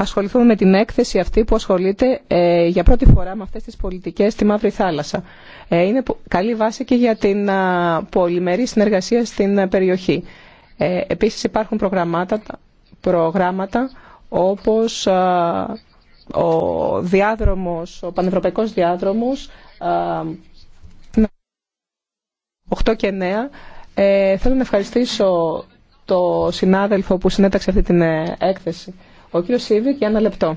ασχοληθούμε με την έκθεση αυτή που ασχολείται ε, για πρώτη φορά με αυτές τις πολιτικές στη Μαύρη Θάλασσα. Ε, είναι καλή βάση και για την πολυμερή συνεργασία στην περιοχή. Ε, επίσης υπάρχουν προγραμμάτα, προγράμματα όπως ο διάδρομος, ο πανευρωπαϊκός διάδρομος 8 και 9. Ε, θέλω να ευχαριστήσω το συνάδελφο που συνέταξε αυτή την ε, έκθεση ο κύριος Σίβη για ένα λεπτό.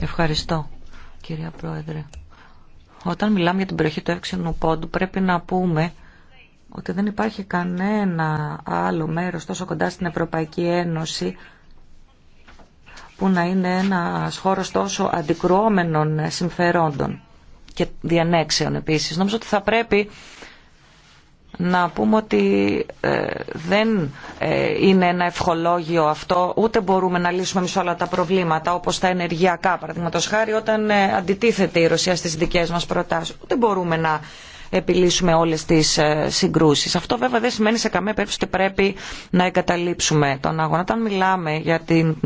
Ευχαριστώ κυρία Πρόεδρε. Όταν μιλάμε για την περιοχή του έξινου πόντου πρέπει να πούμε ότι δεν υπάρχει κανένα άλλο μέρος τόσο κοντά στην Ευρωπαϊκή Ένωση που να είναι ένας χώρος τόσο αντικρουόμενων συμφερόντων και διανέξεων επίσης. Νομίζω ότι θα πρέπει να πούμε ότι ε, δεν ε, είναι ένα ευχολόγιο αυτό, ούτε μπορούμε να λύσουμε εμείς όλα τα προβλήματα, όπως τα ενεργειακά, παραδείγματο χάρη, όταν ε, αντιτίθεται η Ρωσία στις δικές μας προτάσεις. Ούτε μπορούμε να επιλύσουμε όλες τις συγκρούσεις. Αυτό βέβαια δεν σημαίνει σε καμία περίπτωση ότι πρέπει να εγκαταλείψουμε τον αγώνα. Όταν μιλάμε για την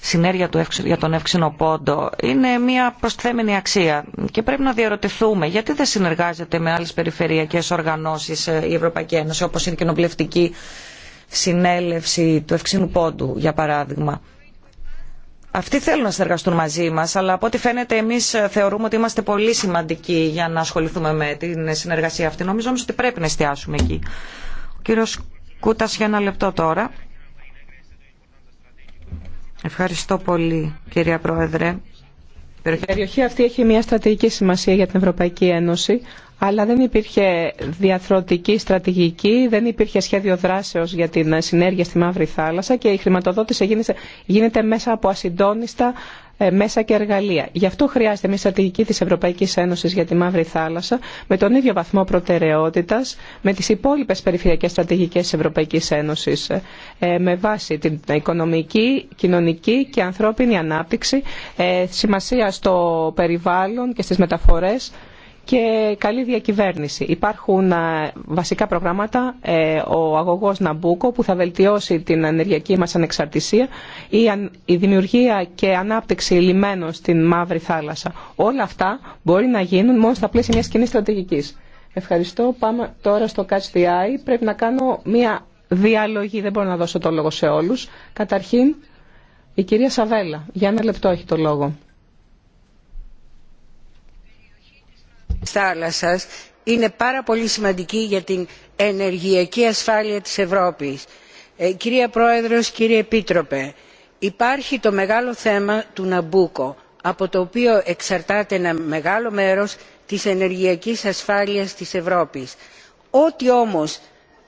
συνέργεια για τον εύξηνο πόντο είναι μια προσθέμενη αξία και πρέπει να διαρωτηθούμε γιατί δεν συνεργάζεται με άλλες περιφερειακές οργανώσεις ε, η Ευρωπαϊκή Ένωση όπως είναι η κοινοβουλευτική συνέλευση του ευξήνου πόντου για παράδειγμα. Αυτοί θέλουν να συνεργαστούν μαζί μα, αλλά από ό,τι φαίνεται εμεί ε, θεωρούμε ότι είμαστε πολύ σημαντικοί για να ασχοληθούμε με την συνεργασία αυτή. Νομίζω όμω ότι πρέπει να εστιάσουμε εκεί. Ο κύριο Κούτα για ένα λεπτό τώρα. Ευχαριστώ πολύ κυρία Πρόεδρε. Η περιοχή αυτή έχει μια στρατηγική σημασία για την Ευρωπαϊκή Ένωση, αλλά δεν υπήρχε διαθροτική στρατηγική, δεν υπήρχε σχέδιο δράσεως για την συνέργεια στη Μαύρη Θάλασσα και η χρηματοδότηση γίνεται, γίνεται μέσα από ασυντόνιστα ε, μέσα και εργαλεία. Γι' αυτό χρειάζεται μια στρατηγική της Ευρωπαϊκής Ένωσης για τη Μαύρη Θάλασσα με τον ίδιο βαθμό προτεραιότητας με τις υπόλοιπες περιφερειακές στρατηγικές της Ευρωπαϊκής Ένωσης ε, ε, με βάση την οικονομική, κοινωνική και ανθρώπινη ανάπτυξη, σημασία στο περιβάλλον και στις μεταφορές και καλή διακυβέρνηση. Υπάρχουν ε, βασικά προγράμματα, ε, ο αγωγός Ναμπούκο που θα βελτιώσει την ενεργειακή μας ανεξαρτησία, η δημιουργία και ανάπτυξη λιμένων στην Μαύρη Θάλασσα. Όλα αυτά μπορεί να γίνουν μόνο στα πλαίσια μιας κοινή στρατηγικής. Ευχαριστώ. Πάμε τώρα στο Catch the Eye. Πρέπει να κάνω μια διαλογή, δεν μπορώ να δώσω το λόγο σε όλους. Καταρχήν, η κυρία Σαβέλα, για ένα λεπτό έχει το λόγο. θάλασσας είναι πάρα πολύ σημαντική για την ενεργειακή ασφάλεια της Ευρώπης. Ε, κυρία Πρόεδρος, κύριε Επίτροπε, υπάρχει το μεγάλο θέμα του Ναμπούκο, από το οποίο εξαρτάται ένα μεγάλο μέρος της ενεργειακής ασφάλειας της Ευρώπης. Ό,τι όμως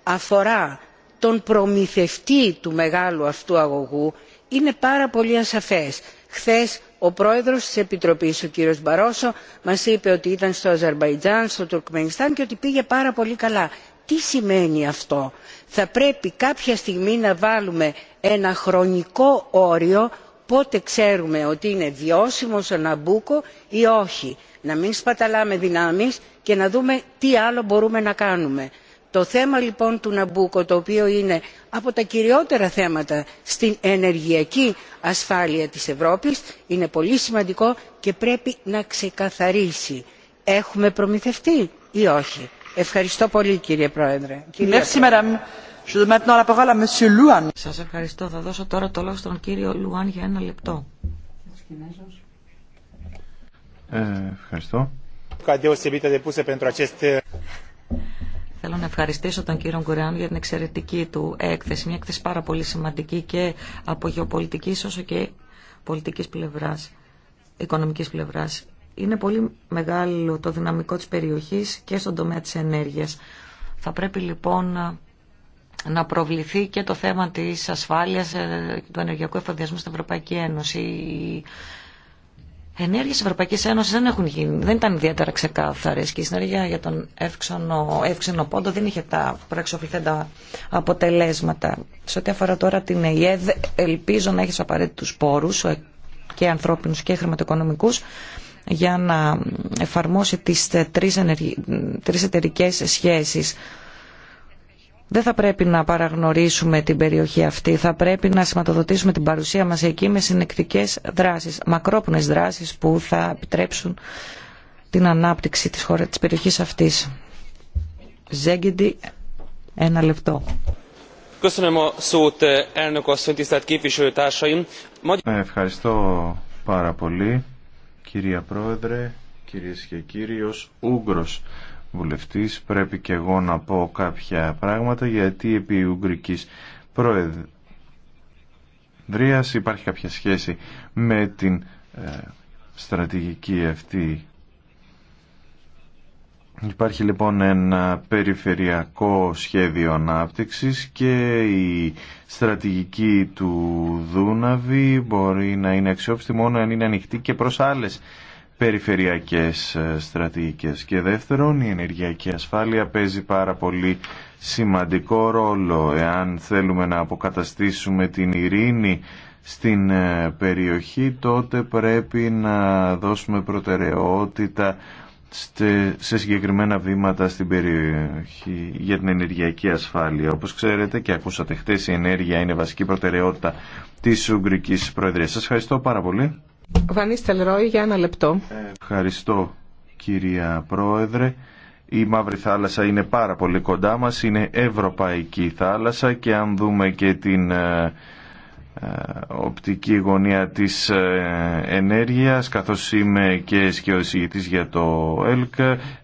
αφορά τον προμηθευτή του μεγάλου αυτού αγωγού είναι πάρα πολύ ασαφές. Χθες ο πρόεδρος της επιτροπής ο κύριος μπαρόσο μας είπε ότι ήταν στο αζερμπαϊτζάν στο τουρκμενιστάν και ότι πήγε πάρα πολύ καλά. τι σημαίνει αυτό; θα πρέπει κάποια στιγμή να βάλουμε ένα χρονικό όριο πότε ξέρουμε ότι είναι βιώσιμος ο ναμπούκο ή όχι να μην σπαταλάμε δυνάμεις και να δούμε τι άλλο μπορούμε να κάνουμε το θέμα λοιπόν του ναμπούκο το οποίο είναι από τα κυριότερα θέματα στην ενεργειακή ασφάλεια της ευρώπης είναι πολύ σημαντικό και πρέπει να ξεκαθαρίσει έχουμε προμηθευτεί ή όχι. ευχαριστώ πολύ κύριε πρόεδρε. σας ευχαριστώ. θα δώσω τώρα το λόγο στον κύριο λουάν για ένα λεπτό. Ε, ευχαριστώ. Θέλω να ευχαριστήσω τον κύριο Γκουρεάν για την εξαιρετική του έκθεση. Μια έκθεση πάρα πολύ σημαντική και από γεωπολιτική όσο και πολιτικής πλευράς, οικονομικής πλευράς. Είναι πολύ μεγάλο το δυναμικό της περιοχής και στον τομέα της ενέργειας. Θα πρέπει λοιπόν να προβληθεί και το θέμα της ασφάλειας ε, του ενεργειακού εφοδιασμού στην Ευρωπαϊκή Ένωση ενέργειε τη Ευρωπαϊκή Ένωση δεν, έχουν γίνει, δεν ήταν ιδιαίτερα ξεκάθαρε και η συνέργεια για τον εύξενο, πόντο δεν είχε τα προεξοφληθέντα αποτελέσματα. Σε ό,τι αφορά τώρα την ΕΙΕΔ, ελπίζω να έχει απαραίτητου πόρου ε, και ανθρώπινου και χρηματοοικονομικού για να εφαρμόσει τις ε, τρει εταιρικέ σχέσει δεν θα πρέπει να παραγνωρίσουμε την περιοχή αυτή. Θα πρέπει να σηματοδοτήσουμε την παρουσία μας εκεί με συνεκτικές δράσεις, μακρόπνες δράσεις που θα επιτρέψουν την ανάπτυξη της, χώρα, της περιοχής αυτής. Ζέγγιντι, ένα λεπτό. Ε, ευχαριστώ πάρα πολύ, κυρία Πρόεδρε, κυρίες και κύριοι, ως βουλευτής πρέπει και εγώ να πω κάποια πράγματα γιατί επί Ουγγρικής Προεδρίας υπάρχει κάποια σχέση με την ε, στρατηγική αυτή. Υπάρχει λοιπόν ένα περιφερειακό σχέδιο ανάπτυξης και η στρατηγική του Δούναβη μπορεί να είναι αξιόπιστη μόνο αν είναι ανοιχτή και προς άλλες περιφερειακές ε, στρατηγικές. Και δεύτερον, η ενεργειακή ασφάλεια παίζει πάρα πολύ σημαντικό ρόλο. Εάν θέλουμε να αποκαταστήσουμε την ειρήνη στην ε, περιοχή, τότε πρέπει να δώσουμε προτεραιότητα σε συγκεκριμένα βήματα στην περιοχή για την ενεργειακή ασφάλεια. Όπως ξέρετε και ακούσατε χτες η ενέργεια είναι βασική προτεραιότητα της Ουγγρικής Προεδρίας. Σας ευχαριστώ πάρα πολύ. Βανίστελ για ένα λεπτό. Ευχαριστώ κυρία Πρόεδρε. Η Μαύρη Θάλασσα είναι πάρα πολύ κοντά μας, είναι Ευρωπαϊκή Θάλασσα και αν δούμε και την ε, ε, οπτική γωνία της ε, ενέργειας καθώς είμαι και σκιοσηγητής για το ΕΛΚ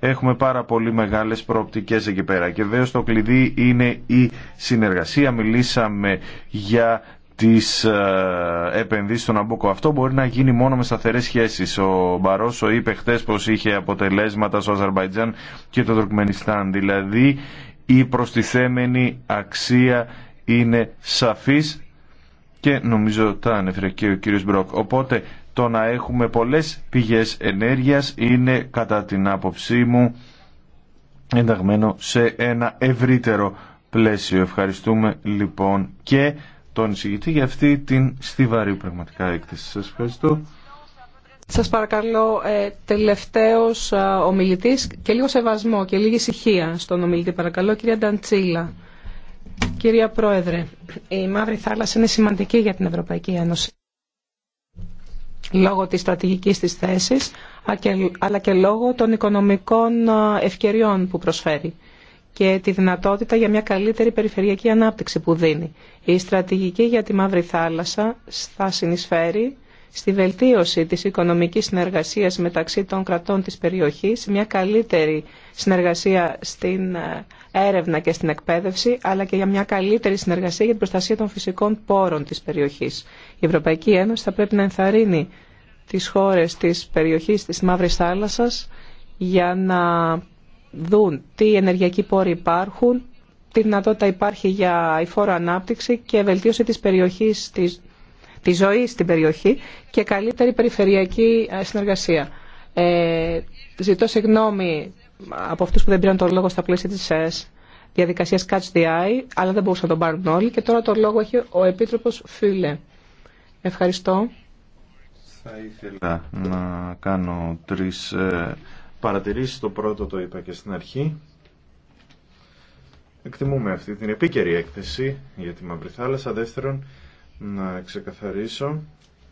έχουμε πάρα πολύ μεγάλες προοπτικές εκεί πέρα και βέβαια το κλειδί είναι η συνεργασία μιλήσαμε για ε επενδύση στον Αμπούκο. Αυτό μπορεί να γίνει μόνο με σταθερέ σχέσει. Ο Μπαρόσο είπε χθε πώ είχε αποτελέσματα στο Αζερβαϊτζάν και το Τουρκμενιστάν. Δηλαδή η προστιθέμενη αξία είναι σαφής και νομίζω τα ανέφερε και ο κύριος Μπροκ. Οπότε το να έχουμε πολλές πηγές ενέργειας είναι κατά την άποψή μου ενταγμένο σε ένα ευρύτερο πλαίσιο. Ευχαριστούμε λοιπόν και τον εισηγητή για αυτή την στιβαρή πραγματικά έκθεση. Σας ευχαριστώ. Σας παρακαλώ ε, τελευταίος ε, ομιλητής και λίγο σεβασμό και λίγη ησυχία στον ομιλητή παρακαλώ. Κυρία Νταντσίλα, κυρία Πρόεδρε, η Μαύρη Θάλασσα είναι σημαντική για την Ευρωπαϊκή Ένωση λόγω της στρατηγικής της θέσης αλλά και λόγω των οικονομικών ε, ευκαιριών που προσφέρει και τη δυνατότητα για μια καλύτερη περιφερειακή ανάπτυξη που δίνει. Η στρατηγική για τη Μαύρη Θάλασσα θα συνεισφέρει στη βελτίωση της οικονομικής συνεργασίας μεταξύ των κρατών της περιοχής, μια καλύτερη συνεργασία στην ε, έρευνα και στην εκπαίδευση, αλλά και για μια καλύτερη συνεργασία για την προστασία των φυσικών πόρων της περιοχής. Η Ευρωπαϊκή Ένωση θα πρέπει να ενθαρρύνει τις χώρες της περιοχής της Μαύρης Θάλασσας για να δουν τι ενεργειακοί πόροι υπάρχουν, τι δυνατότητα υπάρχει για υφόρο ανάπτυξη και βελτίωση της περιοχής, της, της ζωής στην περιοχή και καλύτερη περιφερειακή ε, συνεργασία. Ε, ζητώ συγγνώμη από αυτούς που δεν πήραν τον λόγο στα πλαίσια της ΕΣ διαδικασίας Catch the Eye, αλλά δεν μπορούσα να τον πάρουν όλοι και τώρα τον λόγο έχει ο Επίτροπος Φίλε. Ευχαριστώ. να κάνω ε, Παρατηρήσει Το πρώτο το είπα και στην αρχή. Εκτιμούμε αυτή την επίκαιρη έκθεση για τη Μαύρη Θάλασσα. Δεύτερον, να ξεκαθαρίσω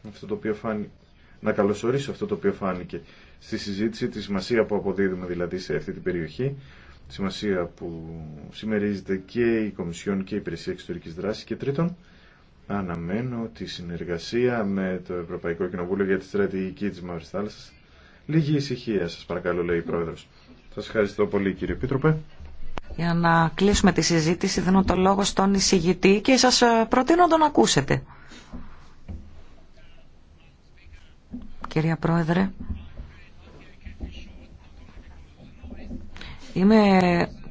αυτό το οποίο να καλωσορίσω αυτό το οποίο φάνηκε στη συζήτηση, τη σημασία που αποδίδουμε δηλαδή σε αυτή την περιοχή, τη σημασία που συμμερίζεται και η Κομισιόν και η Υπηρεσία Εξωτερική Δράση και τρίτον, αναμένω τη συνεργασία με το Ευρωπαϊκό Κοινοβούλιο για τη στρατηγική της Μαύρης Θάλασσας Λίγη ησυχία σας παρακαλώ λέει η Πρόεδρος. Σας ευχαριστώ πολύ κύριε Πίτροπε. Για να κλείσουμε τη συζήτηση δίνω το λόγο στον εισηγητή και σας ε, προτείνω να τον ακούσετε. Κυρία Πρόεδρε, είμαι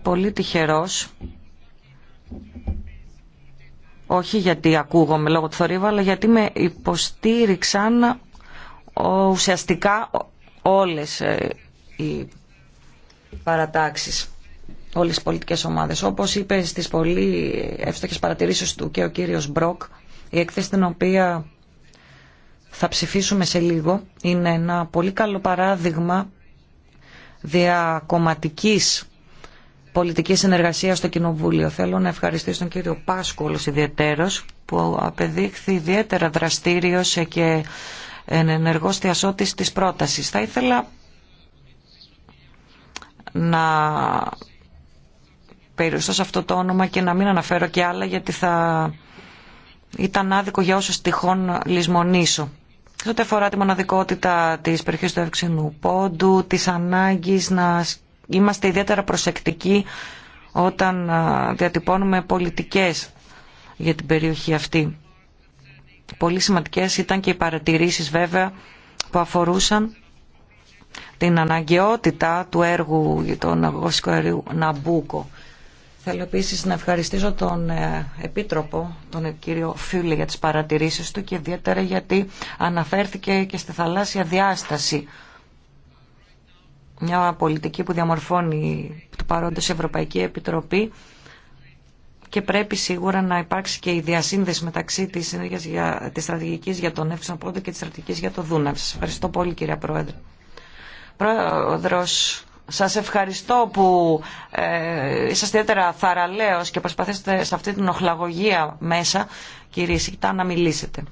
πολύ τυχερός όχι γιατί ακούγομαι λόγω του θορύβου, αλλά γιατί με υποστήριξαν ουσιαστικά όλες ε, οι παρατάξεις όλες οι πολιτικές ομάδες. Όπως είπε στις πολύ εύστοχες παρατηρήσεις του και ο κύριος Μπροκ, η έκθεση την οποία θα ψηφίσουμε σε λίγο είναι ένα πολύ καλό παράδειγμα διακομματικής πολιτικής συνεργασίας στο Κοινοβούλιο. Θέλω να ευχαριστήσω τον κύριο Πάσκολος ιδιαίτερος που απεδείχθη ιδιαίτερα δραστήριος και ενεργός θειασότης της πρότασης. Θα ήθελα να περιοριστώ σε αυτό το όνομα και να μην αναφέρω και άλλα γιατί θα ήταν άδικο για όσους τυχόν λησμονήσω. Σε ό,τι αφορά τη μοναδικότητα της περιοχής του Ευξηνού Πόντου, της ανάγκης να είμαστε ιδιαίτερα προσεκτικοί όταν διατυπώνουμε πολιτικές για την περιοχή αυτή. Πολύ σημαντικές ήταν και οι παρατηρήσεις βέβαια που αφορούσαν την αναγκαιότητα του έργου για τον των αεριού Ναμπούκο. Θέλω επίσης να ευχαριστήσω τον ε, Επίτροπο, τον ε, κύριο Φίλη, για τις παρατηρήσεις του και ιδιαίτερα γιατί αναφέρθηκε και στη θαλάσσια διάσταση. Μια πολιτική που διαμορφώνει του παρόντος Ευρωπαϊκή Επιτροπή και πρέπει σίγουρα να υπάρξει και η διασύνδεση μεταξύ της, συνέργειας για, της στρατηγικής για τον Εύξηνο Πόντο και της στρατηγικής για το Δούναβ. Σας ευχαριστώ πολύ κυρία Πρόεδρε. Πρόεδρος, σας ευχαριστώ που ε, είσαστε ιδιαίτερα θαραλέως και προσπαθήσατε σε αυτή την οχλαγωγία μέσα, κύριε Σικτά, να μιλήσετε.